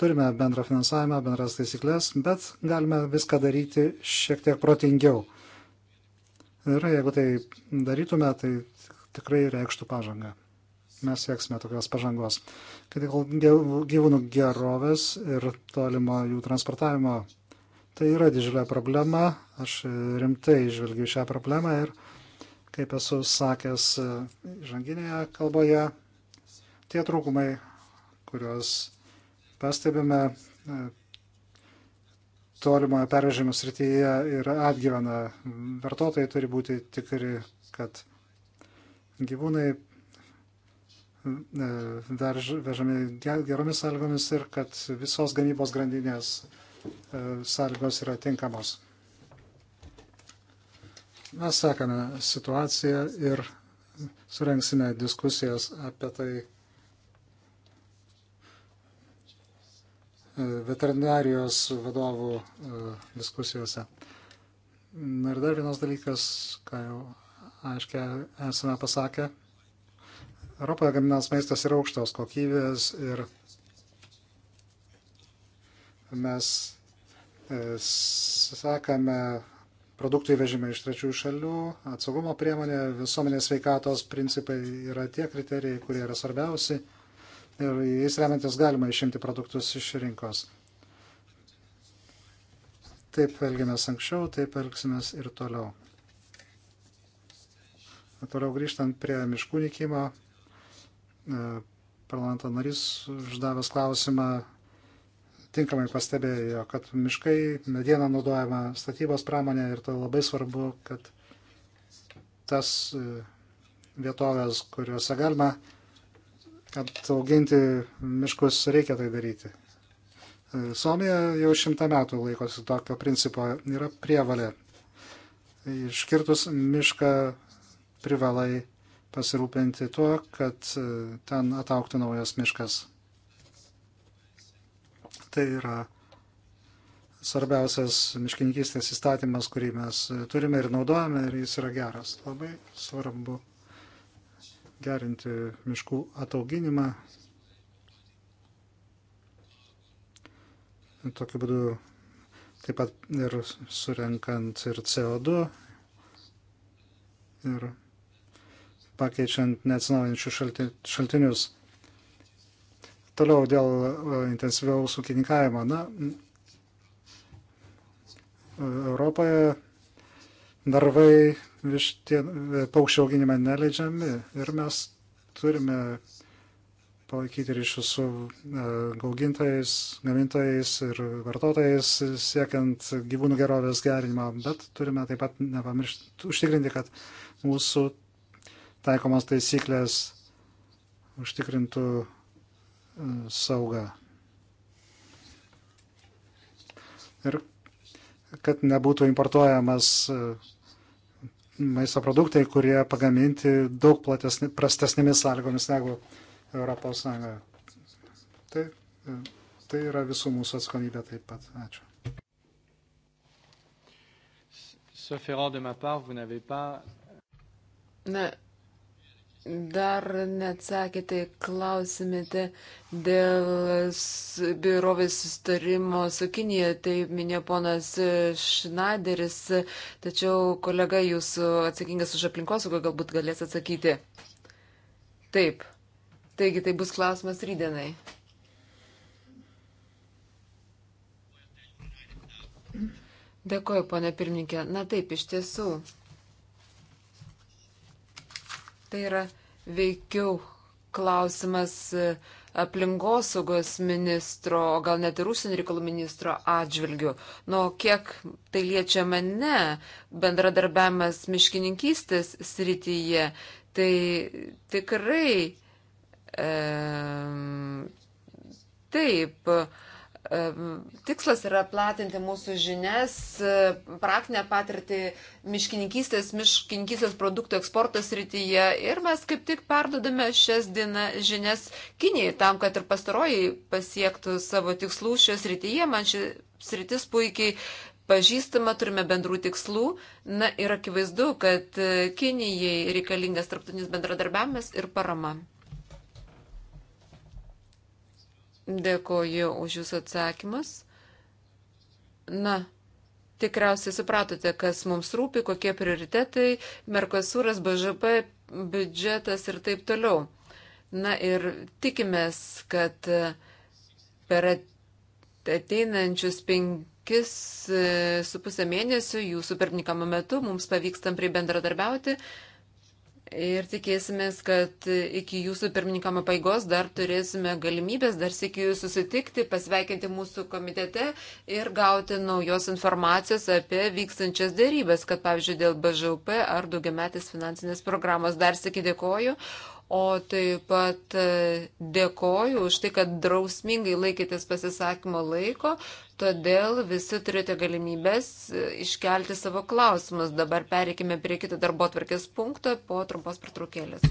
Turime bendrą finansavimą, bendras taisyklės, bet galime viską daryti šiek tiek protingiau. Ir jeigu tai darytume, tai tikrai reikštų pažangą mes sieksime tokios pažangos. Kad gyvūnų gerovės ir tolimo jų transportavimo. Tai yra didžiulė problema, aš rimtai žvelgiu šią problemą ir, kaip esu sakęs žanginėje kalboje, tie trūkumai, kuriuos pastebime tolimojo pervežimo srityje ir atgyvena. Vartotojai turi būti tikri, kad gyvūnai verž, vežami geromis sąlygomis ir kad visos gamybos grandinės e, sąlygos yra tinkamos. Mes sekame situaciją ir surenksime diskusijas apie tai e, veterinarijos vadovų e, diskusijose. Na ir dar vienas dalykas, ką jau aiškiai esame pasakę, Europoje gaminamas maistas yra aukštos kokybės ir mes e, sekame produktų įvežimą iš trečiųjų šalių, atsaugumo priemonė, visuomenės veikatos principai yra tie kriterijai, kurie yra svarbiausi ir jais remiantis galima išimti produktus iš rinkos. Taip elgiamės anksčiau, taip elgsimės ir toliau. Toliau grįžtant prie miškų nykimo, E, parlamento narys uždavęs klausimą tinkamai pastebėjo, kad miškai, mediena naudojama statybos pramonė ir tai labai svarbu, kad tas e, vietovės, kuriuose galima atauginti miškus, reikia tai daryti. E, Suomija jau šimtą metų laikosi tokio principo, yra prievalė. Iškirtus mišką privalai pasirūpinti tuo, kad e, ten atauktų naujas miškas. Tai yra svarbiausias miškininkystės įstatymas, kurį mes turime ir naudojame, ir jis yra geras. Labai svarbu gerinti miškų atauginimą. Tokiu būdu taip pat ir surenkant ir CO2, ir pakeičiant neatsinaujinčius šalti, šaltinius. Toliau dėl e, intensyviaus ūkininkavimo. Na, e, Europoje darbai vištie, paukščio auginime neleidžiami ir mes turime palaikyti ryšius su e, augintojais, gamintojais ir vartotojais, siekiant gyvūnų gerovės gerinimo, bet turime taip pat nepamiršti, užtikrinti, kad mūsų taikomas taisyklės užtikrintų e, saugą. Ir kad nebūtų importuojamas e, maisto produktai, kurie pagaminti daug platesni, prastesnėmis sąlygomis negu ES. Tai, e, tai yra visų mūsų atsakomybė taip pat. Ačiū. Sauf erreur de ma part, vous n'avez pas. Ne, Dar neatsakėte, klausimėte dėl biurovės sustarimo su Kinija, tai minėjo ponas Šnaideris, tačiau kolega jūsų atsakingas už aplinkosaugą galbūt galės atsakyti. Taip. Taigi tai bus klausimas rydienai. Dėkuoju, ponė pirmininkė. Na taip, iš tiesų. Tai yra veikiau klausimas e, aplinkosaugos ministro, o gal net ir užsienio reikalų ministro atžvilgių. Nu, kiek tai liečia mane, bendradarbiavimas miškininkystės srityje, tai tikrai e, taip. E, Tikslas yra platinti mūsų žinias, e, praktinę patirtį miškininkystės, miškininkystės produktų eksportos rytyje ir mes kaip tik perdodame šias dina, žinias Kinijai tam, kad ir pastarojai pasiektų savo tikslų šios rytyje. Man ši sritis puikiai pažįstama, turime bendrų tikslų. Na ir akivaizdu, kad e, Kinijai reikalingas tarptautinis bendradarbiavimas ir parama. Dėkoju už Jūsų atsakymus. Na, tikriausiai supratote, kas mums rūpi, kokie prioritetai, Merkosūras, BŽP, biudžetas ir taip toliau. Na ir tikimės, kad e, per ateinančius penkis e, su pusę mėnesių jūsų pirmininkamo metu mums pavyks tam prie bendradarbiauti, Ir tikėsimės, kad iki jūsų pirmininkamo paigos dar turėsime galimybės dar sėkiu susitikti, pasveikinti mūsų komitete ir gauti naujos informacijos apie vykstančias dėrybės, kad pavyzdžiui dėl BŽUP ar daugiametės finansinės programos. Dar sėkiu dėkoju. O taip pat e, dėkoju už tai, kad drausmingai laikytis pasisakymo laiko, todėl visi turite galimybės e, iškelti savo klausimus. Dabar pereikime prie kito darbo tvarkės punkto po trumpos pertraukėlės.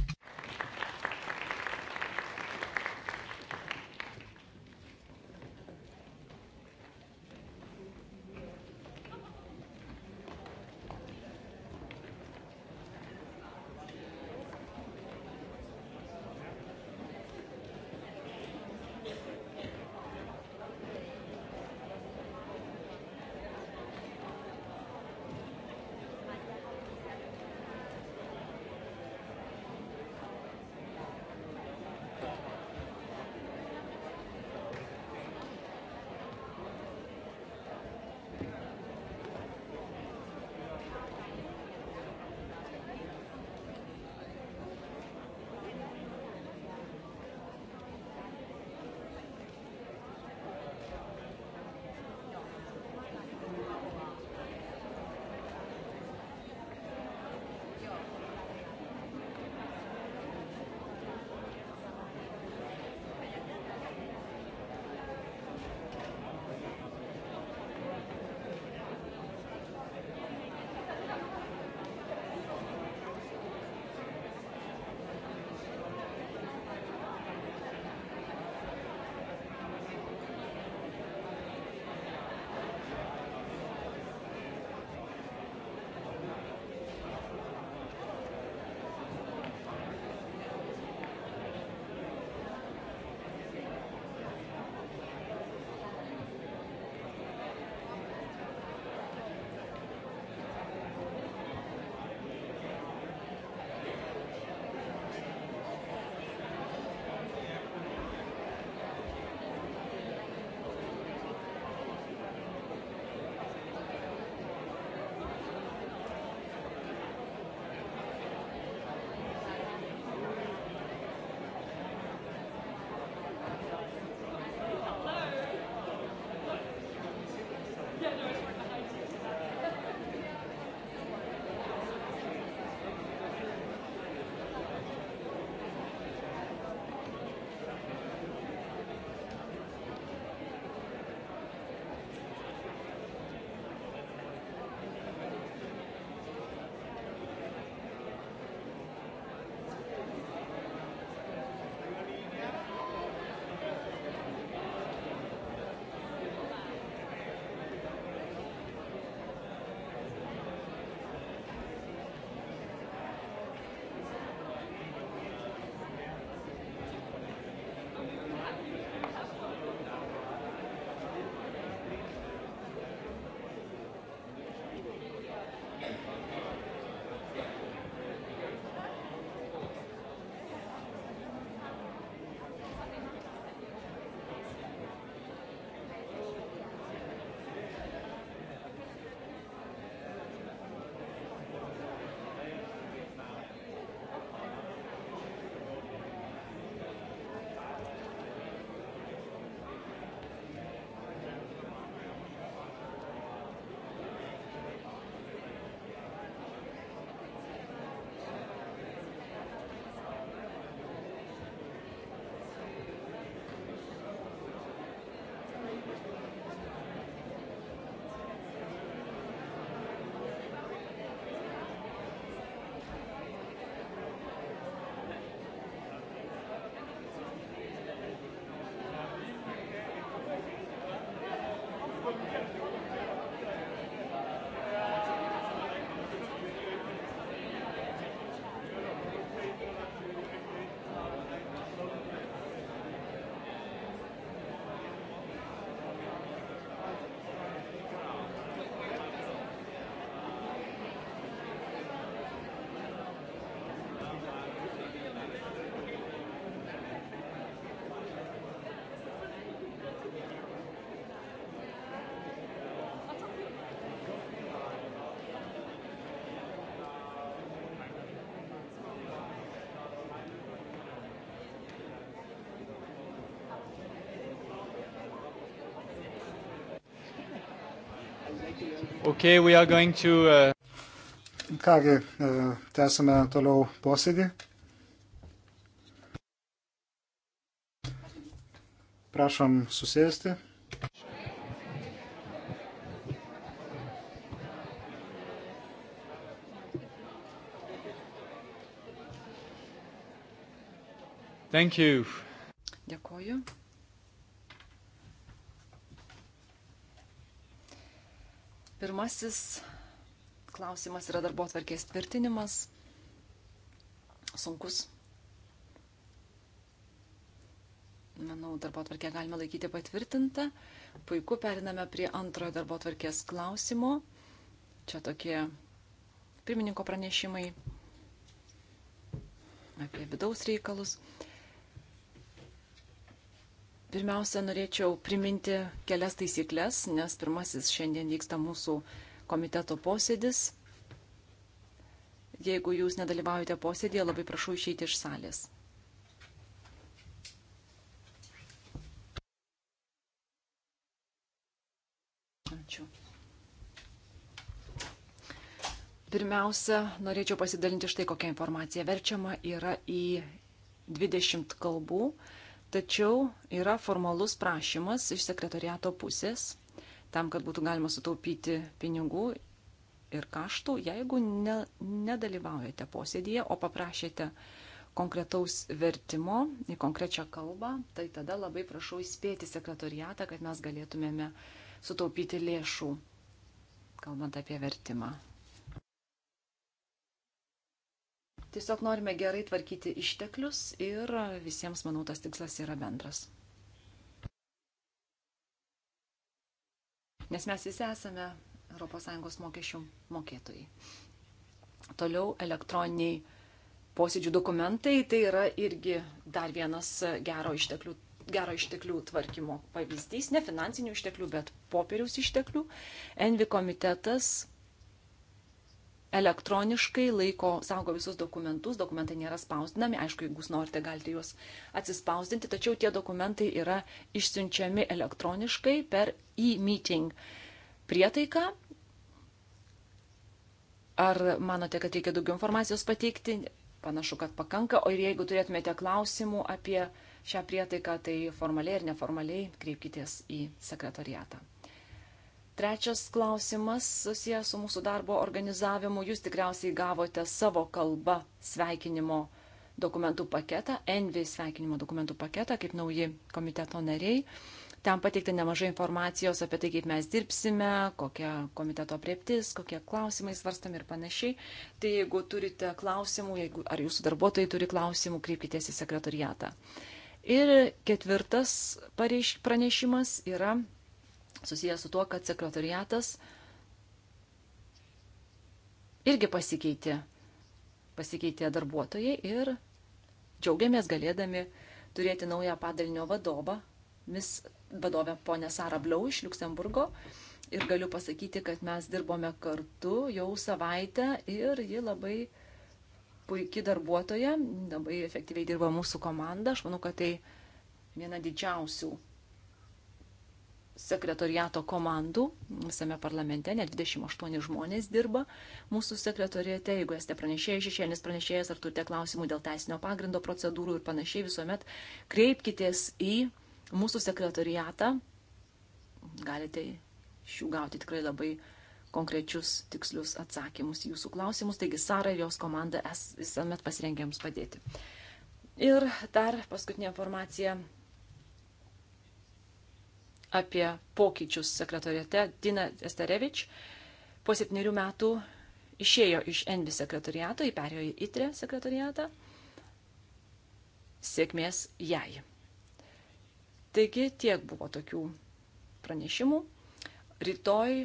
Okay, we are going to. Uh... Kągi, e, tęsime toliau posėdį. Prašom susėsti. Thank you. Dėkoju. Pirmasis klausimas yra darbo atvarkės tvirtinimas. Sunkus. Manau, darbo atvarkę galime laikyti patvirtintą. Puiku, periname prie antrojo darbo atvarkės klausimo. Čia tokie pirmininko pranešimai apie vidaus reikalus. Pirmiausia, norėčiau priminti kelias taisyklės, nes pirmasis šiandien vyksta mūsų komiteto posėdis. Jeigu jūs nedalyvaujate posėdėje, labai prašau išeiti iš salės. Ačiū. Pirmiausia, norėčiau pasidalinti štai kokią informaciją. Verčiama yra į 20 kalbų. Tačiau yra formalus prašymas iš sekretariato pusės, tam, kad būtų galima sutaupyti pinigų ir kaštų, jeigu ne, nedalyvaujate posėdėje, o paprašėte konkretaus vertimo į konkrečią kalbą, tai tada labai prašau įspėti sekretariatą, kad mes galėtumėme sutaupyti lėšų, kalbant apie vertimą. Tiesiog norime gerai tvarkyti išteklius ir visiems, manau, tas tikslas yra bendras. Nes mes visi esame ES mokesčių mokėtojai. Toliau elektroniniai posėdžių dokumentai tai yra irgi dar vienas gero išteklių, gero išteklių tvarkymo pavyzdys, ne finansinių išteklių, bet popieriaus išteklių. Envi komitetas elektroniškai laiko, saugo visus dokumentus, dokumentai nėra spausdinami, aišku, jeigu jūs norite, galite juos atsispausdinti, tačiau tie dokumentai yra išsiunčiami elektroniškai per e-meeting prietaiką. Ar manote, kad reikia daugiau informacijos pateikti? Panašu, kad pakanka, o jeigu turėtumėte klausimų apie šią prietaiką, tai formaliai ir neformaliai kreipkitės į sekretariatą. Trečias klausimas susijęs su mūsų darbo organizavimu. Jūs tikriausiai gavote savo kalbą sveikinimo dokumentų paketą, Envi sveikinimo dokumentų paketą, kaip nauji komiteto nariai. Ten pateikti nemažai informacijos apie tai, kaip mes dirbsime, kokia komiteto prieptis, kokie klausimai svarstami ir panašiai. Tai jeigu turite klausimų, jeigu, ar jūsų darbuotojai turi klausimų, kreipkitės į sekretariatą. Ir ketvirtas pareiš, pranešimas yra susijęs su tuo, kad sekretariatas irgi pasikeitė. Pasikeitė darbuotojai ir džiaugiamės galėdami turėti naują padalinio vadovą, mis vadovę ponę Sarą Blau iš Luksemburgo. Ir galiu pasakyti, kad mes dirbome kartu jau savaitę ir ji labai puikiai darbuotoja, labai efektyviai dirba mūsų komanda. Aš manau, kad tai viena didžiausių sekretoriato komandų visame parlamente, net 28 žmonės dirba mūsų sekretoriate. Jeigu esate pranešėjai, šešėlis pranešėjas ar turite klausimų dėl teisinio pagrindo procedūrų ir panašiai, visuomet kreipkitės į mūsų sekretoriatą. Galite iš jų gauti tikrai labai konkrečius, tikslius atsakymus į jūsų klausimus. Taigi Sara ir jos komanda es, visuomet pasirengė jums padėti. Ir dar paskutinė informacija apie pokyčius sekretoriate Dina Estarevič po septynerių metų išėjo iš Envi sekretoriato, jį perėjo į ITRE sekretoriatą. Sėkmės jai. Taigi tiek buvo tokių pranešimų. Rytoj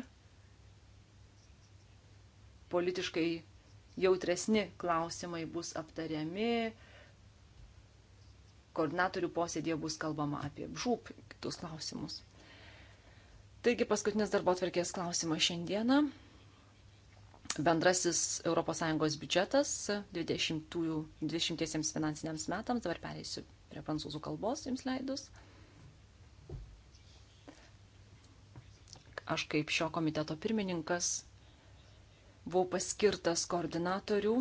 politiškai jautresni klausimai bus aptariami. Koordinatorių posėdėje bus kalbama apie žūp kitus klausimus. Taigi paskutinis darbo atvarkės klausimas šiandieną. Bendrasis ES biudžetas 20-iesiems finansiniams metams, dabar pereisiu prie prancūzų kalbos, jums leidus. Aš kaip šio komiteto pirmininkas buvau paskirtas koordinatorių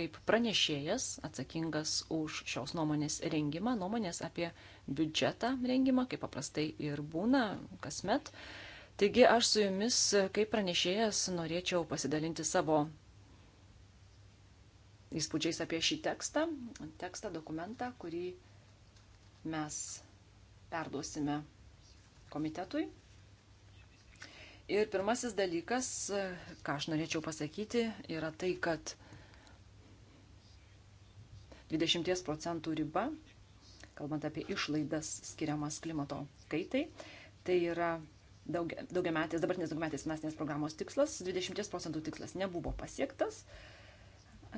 kaip pranešėjas atsakingas už šios nuomonės rengimą, nuomonės apie biudžetą rengimą, kaip paprastai ir būna kasmet. Taigi aš su jumis kaip pranešėjas norėčiau pasidalinti savo įspūdžiais apie šį tekstą, tekstą, dokumentą, kurį mes perduosime komitetui. Ir pirmasis dalykas, ką aš norėčiau pasakyti, yra tai, kad 20 procentų riba, kalbant apie išlaidas skiriamas klimato kaitai. Tai yra daugia, daugiametės, dabartinės daugiametės finansinės programos tikslas, 20 procentų tikslas nebuvo pasiektas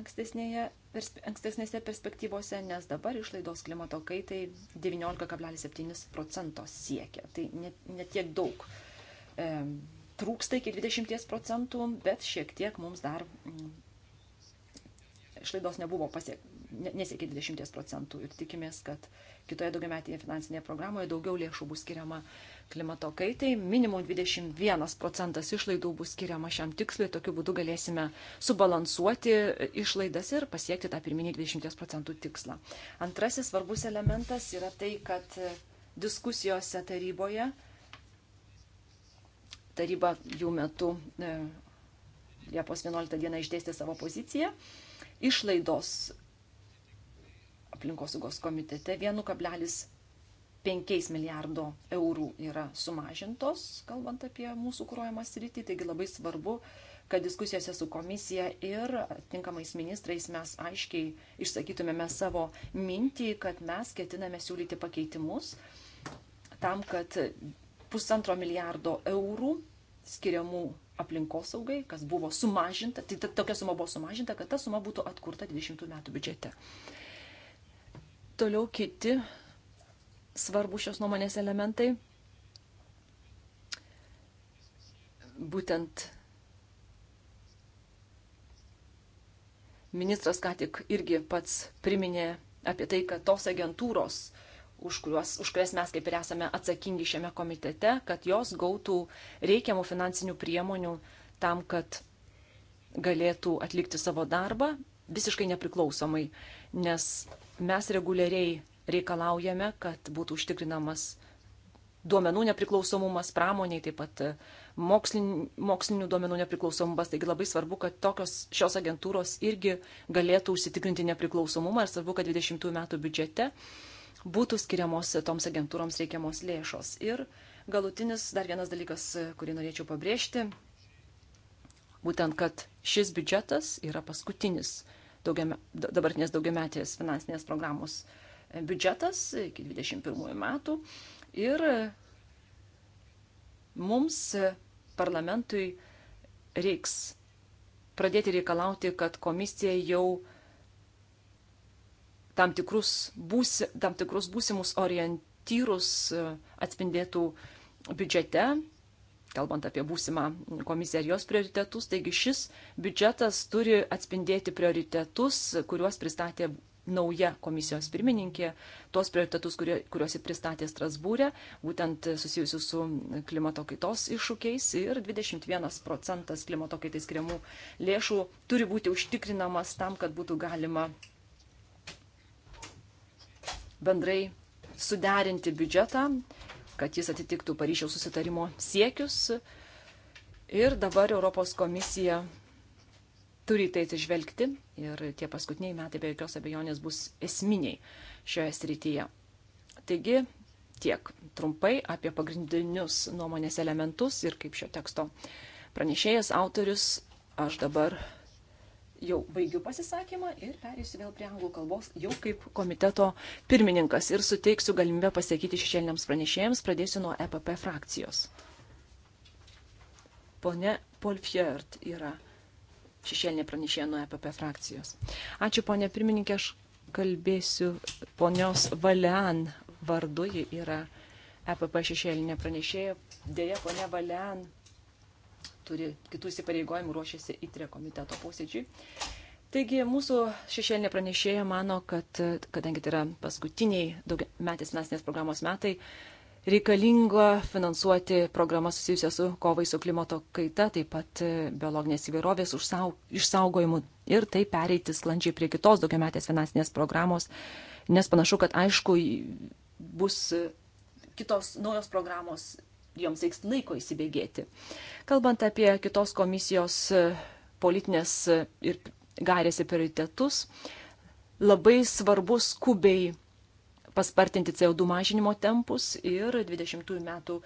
ankstesnėse perspektyvose, nes dabar išlaidos klimato kaitai 19,7 procento siekia. Tai net, net tiek daug. E, trūksta iki 20 procentų, bet šiek tiek mums dar mm, išlaidos nebuvo pasiektas nesiekia 20 procentų ir tikimės, kad kitoje daugiametėje finansinėje programoje daugiau lėšų bus skiriama klimato kaitai. Minimum 21 procentas išlaidų bus skiriama šiam tikslui, tokiu būdu galėsime subalansuoti išlaidas ir pasiekti tą pirminį 20 procentų tikslą. Antrasis svarbus elementas yra tai, kad diskusijose taryboje taryba jų metu e, Liepos 11 dieną išdėstė savo poziciją. Išlaidos aplinkosaugos komitete 1,5 milijardo eurų yra sumažintos, kalbant apie mūsų kūrojamą sritį, taigi labai svarbu, kad diskusijose su komisija ir tinkamais ministrais mes aiškiai išsakytumėme savo mintį, kad mes ketiname siūlyti pakeitimus tam, kad pusantro milijardo eurų skiriamų aplinkosaugai, kas buvo sumažinta, tai tokia suma buvo sumažinta, kad ta suma būtų atkurta 20 metų biudžete. Toliau kiti svarbu šios nuomonės elementai. Būtent ministras ką tik irgi pats priminė apie tai, kad tos agentūros, už, kuriuos, už kurias mes kaip ir esame atsakingi šiame komitete, kad jos gautų reikiamų finansinių priemonių tam, kad galėtų atlikti savo darbą visiškai nepriklausomai, nes mes reguliariai reikalaujame, kad būtų užtikrinamas duomenų nepriklausomumas pramoniai, taip pat e, mokslin, mokslinių duomenų nepriklausomumas. Taigi labai svarbu, kad tokios šios agentūros irgi galėtų užsitikrinti nepriklausomumą ir svarbu, kad 20 metų biudžete būtų skiriamos toms agentūroms reikiamos lėšos. Ir galutinis dar vienas dalykas, e, kurį norėčiau pabrėžti, būtent, kad šis biudžetas yra paskutinis daugiame, dabartinės daugiametės finansinės programos biudžetas iki 21 metų. Ir mums parlamentui reiks pradėti reikalauti, kad komisija jau tam tikrus, būsi, tam tikrus būsimus orientyrus atspindėtų biudžete kalbant apie būsimą komisiją ir jos prioritetus. Taigi šis biudžetas turi atspindėti prioritetus, kuriuos pristatė nauja komisijos pirmininkė, tuos prioritetus, kurie, kuriuos ji pristatė Strasbūrė, būtent susijusius su klimato kaitos iššūkiais ir 21 procentas klimato kaitai skiriamų lėšų turi būti užtikrinamas tam, kad būtų galima bendrai suderinti biudžetą kad jis atitiktų Paryžiaus susitarimo siekius. Ir dabar Europos komisija turi tai atsižvelgti ir tie paskutiniai metai be jokios abejonės bus esminiai šioje srityje. Taigi tiek trumpai apie pagrindinius nuomonės elementus ir kaip šio teksto pranešėjas, autorius, aš dabar jau baigiu pasisakymą ir perėsiu vėl prie anglų kalbos jau kaip komiteto pirmininkas ir suteiksiu galimybę pasakyti šešėliniams pranešėjams, pradėsiu nuo EPP frakcijos. Pone Polfjert yra šešėlinė pranešėja nuo EPP frakcijos. Ačiū, ponė pirmininkė, aš kalbėsiu ponios Valian vardu, ji yra EPP šešėlinė pranešėja. Dėja, ponė Valian turi kitų įsipareigojimų, ruošiasi įtrė komiteto posėdžiui. Taigi mūsų šešėlinė pranešėja mano, kad kadangi tai yra paskutiniai metės finansinės programos metai, reikalinga finansuoti programą susijusią su kovai su klimato kaita, taip pat e, biologinės įvairovės išsaugojimu ir tai pereiti sklandžiai prie kitos daugiametės finansinės programos, nes panašu, kad aišku bus e, kitos naujos programos joms reiks laiko įsibėgėti. Kalbant apie kitos komisijos e, politinės e, ir garės ir prioritetus, labai svarbu skubiai paspartinti CO2 mažinimo tempus ir 20 metų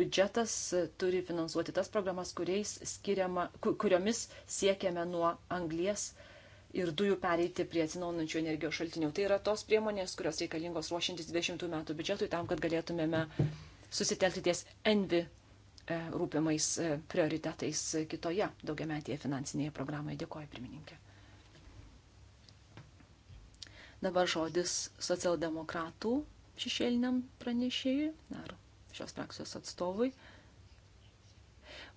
biudžetas e, turi finansuoti tas programas, skiriama, kuriomis siekiame nuo anglies ir dujų pereiti prie atsinaunančių energijos šaltinių. Tai yra tos priemonės, kurios reikalingos ruošintis 20 metų biudžetui tam, kad galėtumėme susitelti ties envi e, rūpimais e, prioritetais kitoje daugiametėje finansinėje programoje. Dėkoju, pirmininkė. Dabar žodis socialdemokratų šešėliniam pranešėjui ar šios frakcijos atstovui.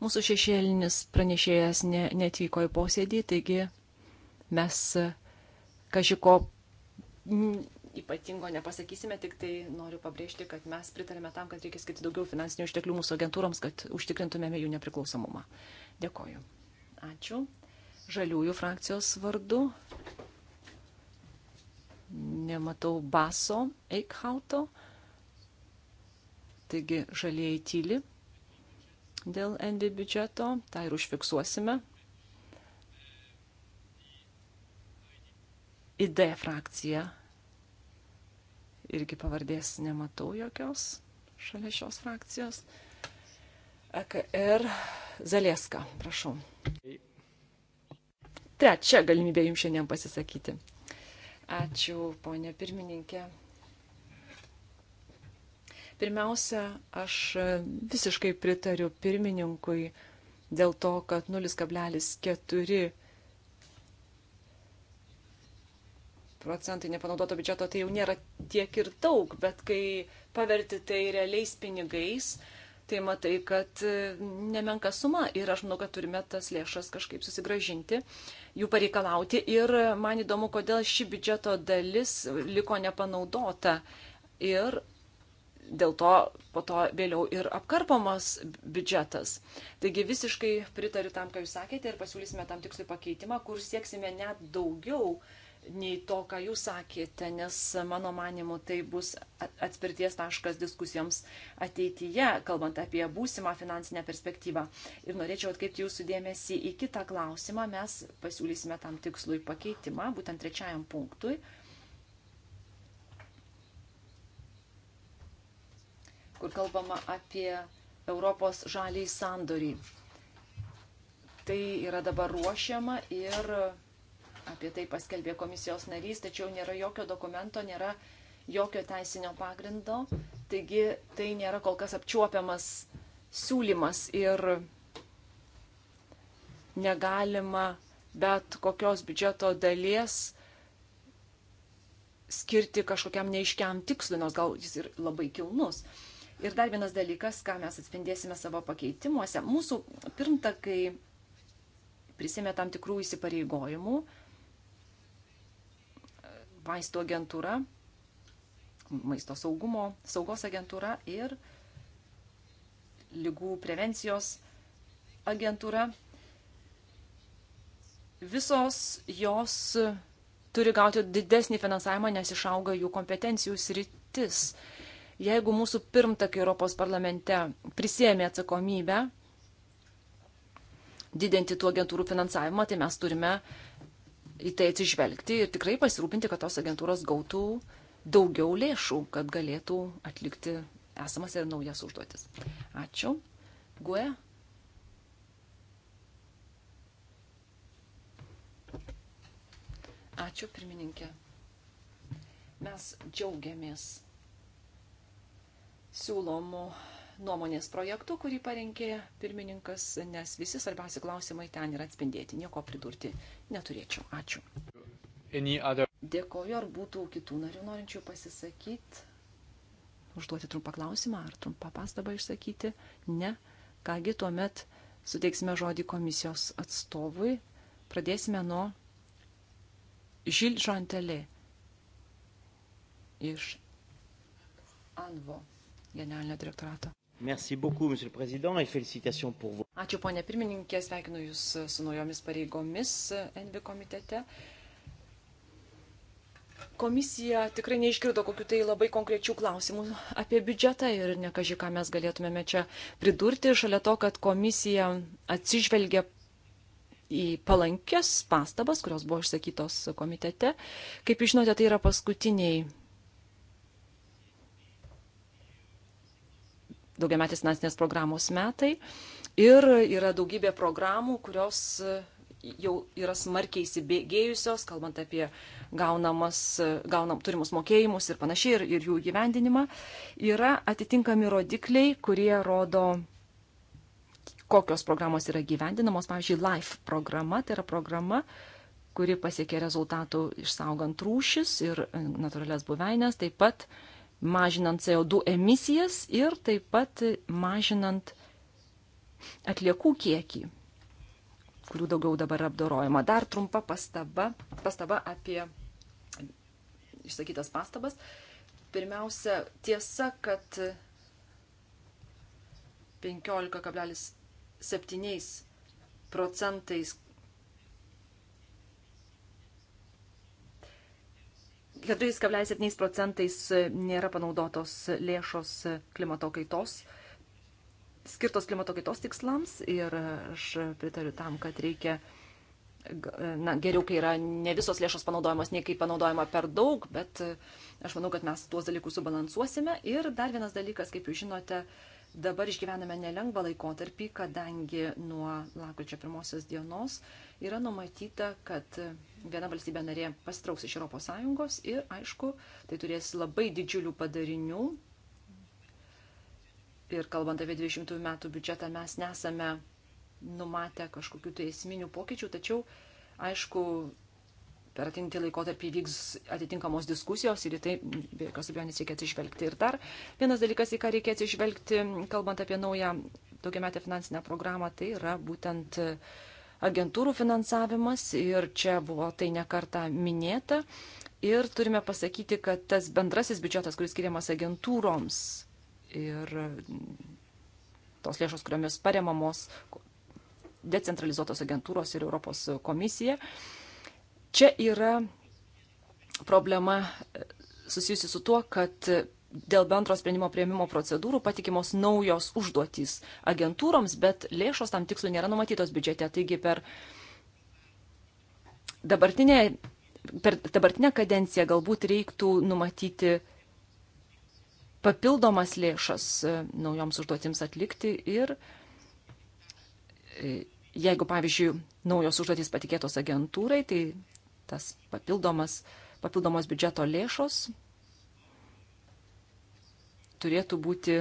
Mūsų šešėlinis pranešėjas ne, netvyko į posėdį, taigi mes e, kažko ypatingo nepasakysime, tik tai noriu pabrėžti, kad mes pritarėme tam, kad reikia skirti daugiau finansinių išteklių mūsų agentūroms, kad užtikrintumėme jų nepriklausomumą. Dėkoju. Ačiū. Žaliųjų frakcijos vardu. Nematau baso Eikhauto. Taigi žalieji tyli dėl ND biudžeto. Tai ir užfiksuosime. ID frakcija irgi pavardės nematau jokios šalia šios frakcijos. EKR er, Zalieska, prašau. Trečia galimybė jums šiandien pasisakyti. Ačiū, ponė pirmininkė. Pirmiausia, aš visiškai pritariu pirmininkui dėl to, kad 0,4 procentai nepanaudoto biudžeto, tai jau nėra tiek ir daug, bet kai paverti tai realiais pinigais, tai matai, kad e, nemenka suma ir aš manau, kad turime tas lėšas kažkaip susigražinti, jų pareikalauti ir man įdomu, kodėl ši biudžeto dalis liko nepanaudota ir dėl to po to vėliau ir apkarpomas biudžetas. Taigi visiškai pritariu tam, ką jūs sakėte ir pasiūlysime tam tikslui pakeitimą, kur sieksime net daugiau nei to, ką jūs sakėte, nes mano manimu tai bus atspirties taškas diskusijoms ateityje, kalbant apie būsimą finansinę perspektyvą. Ir norėčiau atkreipti jūsų dėmesį į kitą klausimą. Mes pasiūlysime tam tikslui pakeitimą, būtent trečiajam punktui. kur kalbama apie Europos žaliai sandorį. Tai yra dabar ruošiama ir apie tai paskelbė komisijos narys, tačiau nėra jokio dokumento, nėra jokio teisinio pagrindo, taigi tai nėra kol kas apčiuopiamas siūlymas ir negalima bet kokios biudžeto dalies skirti kažkokiam neiškiam tikslui, nors gal jis ir labai kilnus. Ir dar vienas dalykas, ką mes atspindėsime savo pakeitimuose. Mūsų pirmtakai prisėmė tam tikrų įsipareigojimų vaistų agentūra, maisto saugumo, saugos agentūra ir lygų prevencijos agentūra. Visos jos turi gauti didesnį finansavimą, nes išauga jų kompetencijų sritis. Jeigu mūsų pirmtakai Europos parlamente prisėmė atsakomybę didinti tų agentūrų finansavimą, tai mes turime į tai atsižvelgti ir tikrai pasirūpinti, kad tos agentūros gautų daugiau lėšų, kad galėtų atlikti esamas ir naujas užduotis. Ačiū. Gue. Ačiū, pirmininkė. Mes džiaugiamės siūlomų nuomonės projektu, kurį parengė pirmininkas, nes visi svarbiausi klausimai ten yra atspindėti. Nieko pridurti neturėčiau. Ačiū. Other... Dėkoju, ar būtų kitų narių norinčių pasisakyti, užduoti trumpą klausimą ar trumpą pastabą išsakyti. Ne. Kągi, tuomet suteiksime žodį komisijos atstovui. Pradėsime nuo Žil Žantelė iš Anvo generalinio direktorato Beaucoup, pour... Ačiū, ponė pirmininkė, sveikinu Jūs su naujomis pareigomis NB komitete. Komisija tikrai neiškirdo kokiu tai labai konkrečių klausimų apie biudžetą ir nekaži, ką mes galėtumėme čia pridurti, šalia to, kad komisija atsižvelgia į palankės pastabas, kurios buvo išsakytos komitete. Kaip jūs žinote, tai yra paskutiniai daugiametės finansinės programos metai. Ir yra daugybė programų, kurios e, jau yra smarkiai įsibėgėjusios, kalbant apie gaunamas, e, gaunam turimus mokėjimus ir panašiai, ir, ir jų gyvendinimą, yra atitinkami rodikliai, kurie rodo, kokios programos yra gyvendinamos. Pavyzdžiui, LIFE programa, tai yra programa, kuri pasiekė rezultatų išsaugant rūšis ir e, natūralias buveinės, taip pat uh, mažinant CO2 emisijas ir taip pat mažinant atliekų kiekį, kurių daugiau dabar apdorojama. Dar trumpa pastaba, pastaba apie išsakytas pastabas. Pirmiausia, tiesa, kad 15,7 procentais 4,7 procentais nėra panaudotos lėšos klimato kaitos, skirtos klimato kaitos tikslams ir aš pritariu tam, kad reikia, na, geriau, kai yra ne visos lėšos panaudojamos, nei kai panaudojama per daug, bet aš manau, kad mes tuos dalykus subalansuosime. Ir dar vienas dalykas, kaip jūs žinote, uh, Dabar išgyvename nelengvą laikotarpį, kadangi nuo lakryčio pirmosios dienos yra numatyta, kad viena valstybė narė pastrauks iš ES ir, aišku, tai turės labai didžiulių padarinių. Ir kalbant apie 20 metų biudžetą, mes nesame numatę kažkokių tai esminių pokyčių, tačiau, aišku, per atinti laikotarpį vyks atitinkamos diskusijos ir į tai be jokios abejonės reikia atsižvelgti. Ir dar vienas dalykas, į ką reikia atsižvelgti, kalbant apie naują daugiametę finansinę programą, tai yra būtent agentūrų finansavimas ir čia buvo tai nekarta minėta. Ir turime pasakyti, kad tas bendrasis biudžetas, kuris skiriamas agentūroms ir tos lėšos, kuriomis paremamos decentralizuotos agentūros ir Europos komisija, Čia yra problema e, susijusi su tuo, kad dėl bendro sprendimo prieimimo procedūrų patikimos naujos užduotys agentūroms, bet lėšos tam tikslui nėra numatytos biudžete. Taigi per dabartinę, per dabartinę kadenciją galbūt reiktų numatyti papildomas lėšas e, naujoms užduotims atlikti ir e, jeigu, pavyzdžiui, naujos užduotys patikėtos agentūrai, tai tas papildomas, papildomos biudžeto lėšos turėtų būti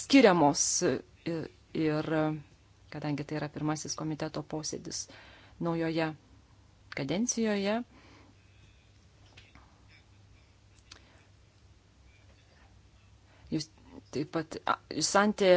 skiriamos ir, kadangi tai yra pirmasis komiteto posėdis naujoje kadencijoje, jūs taip pat, jūs santė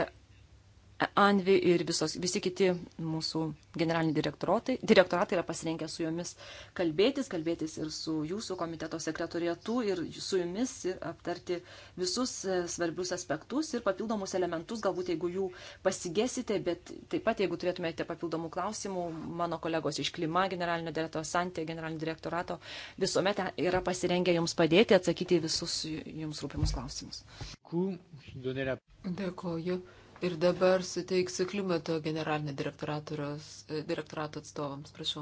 Anvi ir visos, visi kiti mūsų generaliniai direktoratai yra pasirinkę su jomis kalbėtis, kalbėtis ir su jūsų komiteto sekretorietu ir su jumis ir aptarti visus e, svarbius aspektus ir papildomus elementus, galbūt jeigu jų pasigėsite, bet taip pat jeigu turėtumėte papildomų klausimų, mano kolegos iš Klima generalinio direktorato, Santė generalinio direktorato visuomet e, yra pasirengę jums padėti atsakyti visus jums rūpimus klausimus. Dėkoju. Ir dabar suteiksiu klimato generalinio e, direktorato atstovams. Prašau.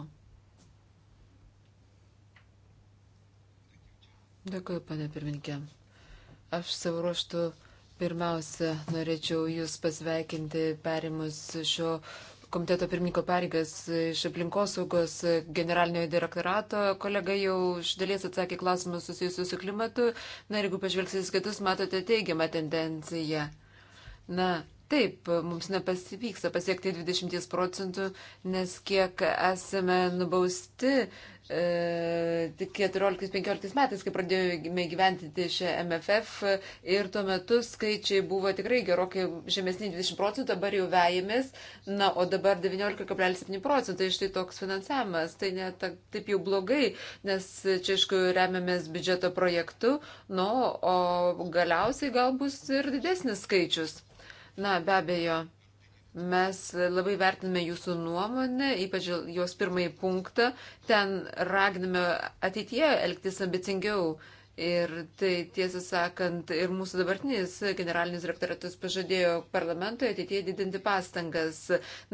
Dėkuoju, pane pirminkė. Aš savo ruoštų pirmiausia norėčiau Jūs pasveikinti perimus šio komiteto pirmininko pareigas iš aplinkosaugos generalinio direktorato. Kolega jau iš dalies atsakė klausimus susijusius su klimatu. Na ir jeigu pažvelgsite kitus, matote teigiamą tendenciją. Na, Taip, mums nepasivyksta pasiekti 20 procentų, nes kiek esame nubausti e, tik e, 14-15 metais, kai pradėjome gyventinti šią MFF ir tuo metu skaičiai buvo tikrai gerokai žemesni 20 procentų, dabar jau vejamės, na, o dabar 19,7 procentai, tai štai toks finansavimas, tai ne ta, taip jau blogai, nes čia, aišku, remiamės biudžeto projektu, nu, o galiausiai gal bus ir didesnis skaičius. Na, be abejo, mes labai vertiname jūsų nuomonę, ypač jos pirmąjį punktą. Ten raginame ateityje elgtis ambicingiau. Uh, Ir tai tiesą sakant, ir mūsų dabartinis generalinis direktoratas pažadėjo parlamentui ateitie didinti pastangas.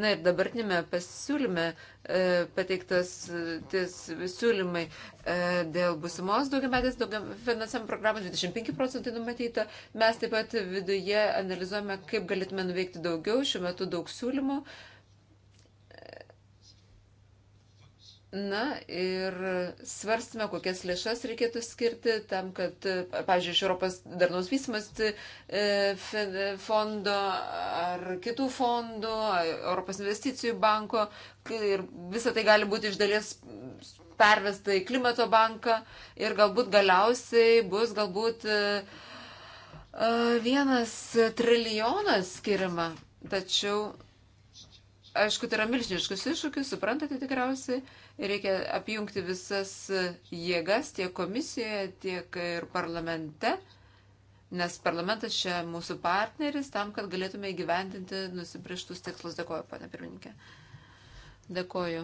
Na ir dabartinėme pasiūlyme e, pateiktas e, ties siūlymai e, dėl busimos daugiametės daugiam, finansavimo programos 25 procentai numatyta. Mes taip pat viduje analizuojame, kaip galėtume nuveikti daugiau, šiuo metu daug siūlymų. E, Na ir svarstame, kokias lėšas reikėtų skirti tam, kad, pavyzdžiui, iš Europos darnaus vystimas e, fondo ar kitų fondų, Europos investicijų banko ir visa tai gali būti iš dalies pervesta į klimato banką ir galbūt galiausiai bus galbūt e, e, vienas trilijonas skirima. Tačiau Aišku, tai yra milžiniškas iššūkis, suprantate tikriausiai, reikia apjungti visas jėgas tiek komisijoje, tiek ir parlamente, nes parlamentas čia mūsų partneris tam, kad galėtume įgyvendinti nusibrieštus tikslus. Dėkoju, pane pirmininkė. Dėkoju.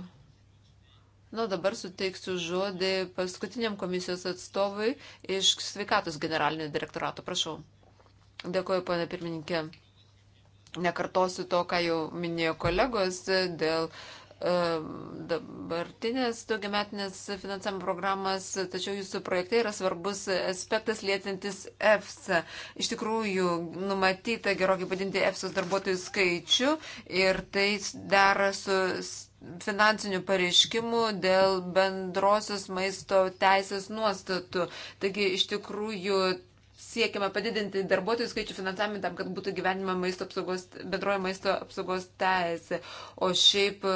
Na, dabar suteiksiu žodį paskutiniam komisijos atstovui iš sveikatos generalinio direktorato. Prašau. Dėkoju, pane pirmininkė. Nekartosiu to, ką jau minėjo kolegos dėl e, dabartinės daugiametinės finansavimo programas, tačiau jūsų projekte yra svarbus aspektas lietintis EFSA. Iš tikrųjų, numatyta gerokai padinti EFSA darbuotojų skaičių ir tai dera su finansinių pareiškimų dėl bendrosios maisto teisės nuostatų. Taigi, iš tikrųjų, siekiama padidinti darbuotojų skaičių finansavimą tam, kad būtų gyvenima maisto apsaugos, bendroji maisto apsaugos teisė. O šiaip e,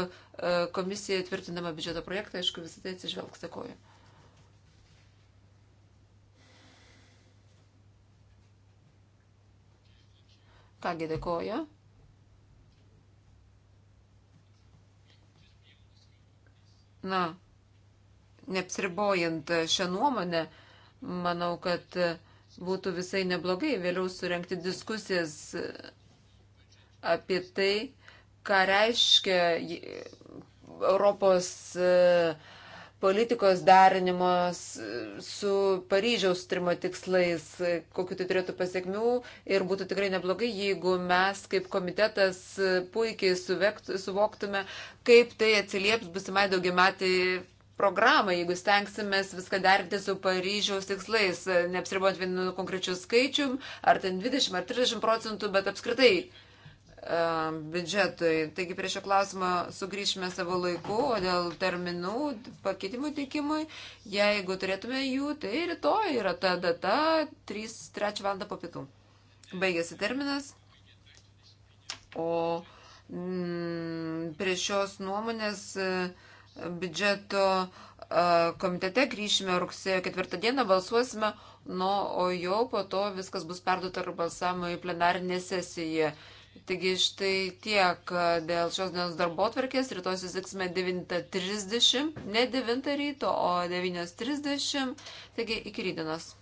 komisija tvirtinama biudžeto projektą, aišku, visą tai atsižvelgs, dėkoju. Kągi dėkoju. Na, neapsiribojant šią nuomonę, manau, kad uh, būtų visai neblogai vėliau surenkti diskusijas apie tai, ką reiškia Europos e, politikos darinimas e, su Paryžiaus trimo tikslais, e, kokiu tai turėtų pasiekmių ir būtų tikrai neblogai, jeigu mes kaip komitetas puikiai suvektų, suvoktume, kaip tai atsilieps busimai daugiametiai programą, jeigu stengsimės viską derinti su Paryžiaus tikslais, neapsiribojant vienu konkrečiu skaičium, ar ten 20 ar 30 procentų, bet apskritai uh, biudžetui. Taigi prie šio klausimo sugrįšime savo laiku, o dėl terminų pakeitimų teikimui, jeigu turėtume jų, tai rytoj yra ta data 3-3 val. po pietų. Baigėsi terminas. O mm, prie šios nuomonės uh, biudžeto e, komitete grįšime rugsėjo ketvirtą dieną, balsuosime, nu, o jau po to viskas bus perduota ir balsavimo į plenarinę sesiją. Taigi štai tiek e, dėl šios dienos darbo atvarkės, rytoj susitiksime 9.30, ne 9 ryto, o 9.30, taigi iki rydienos.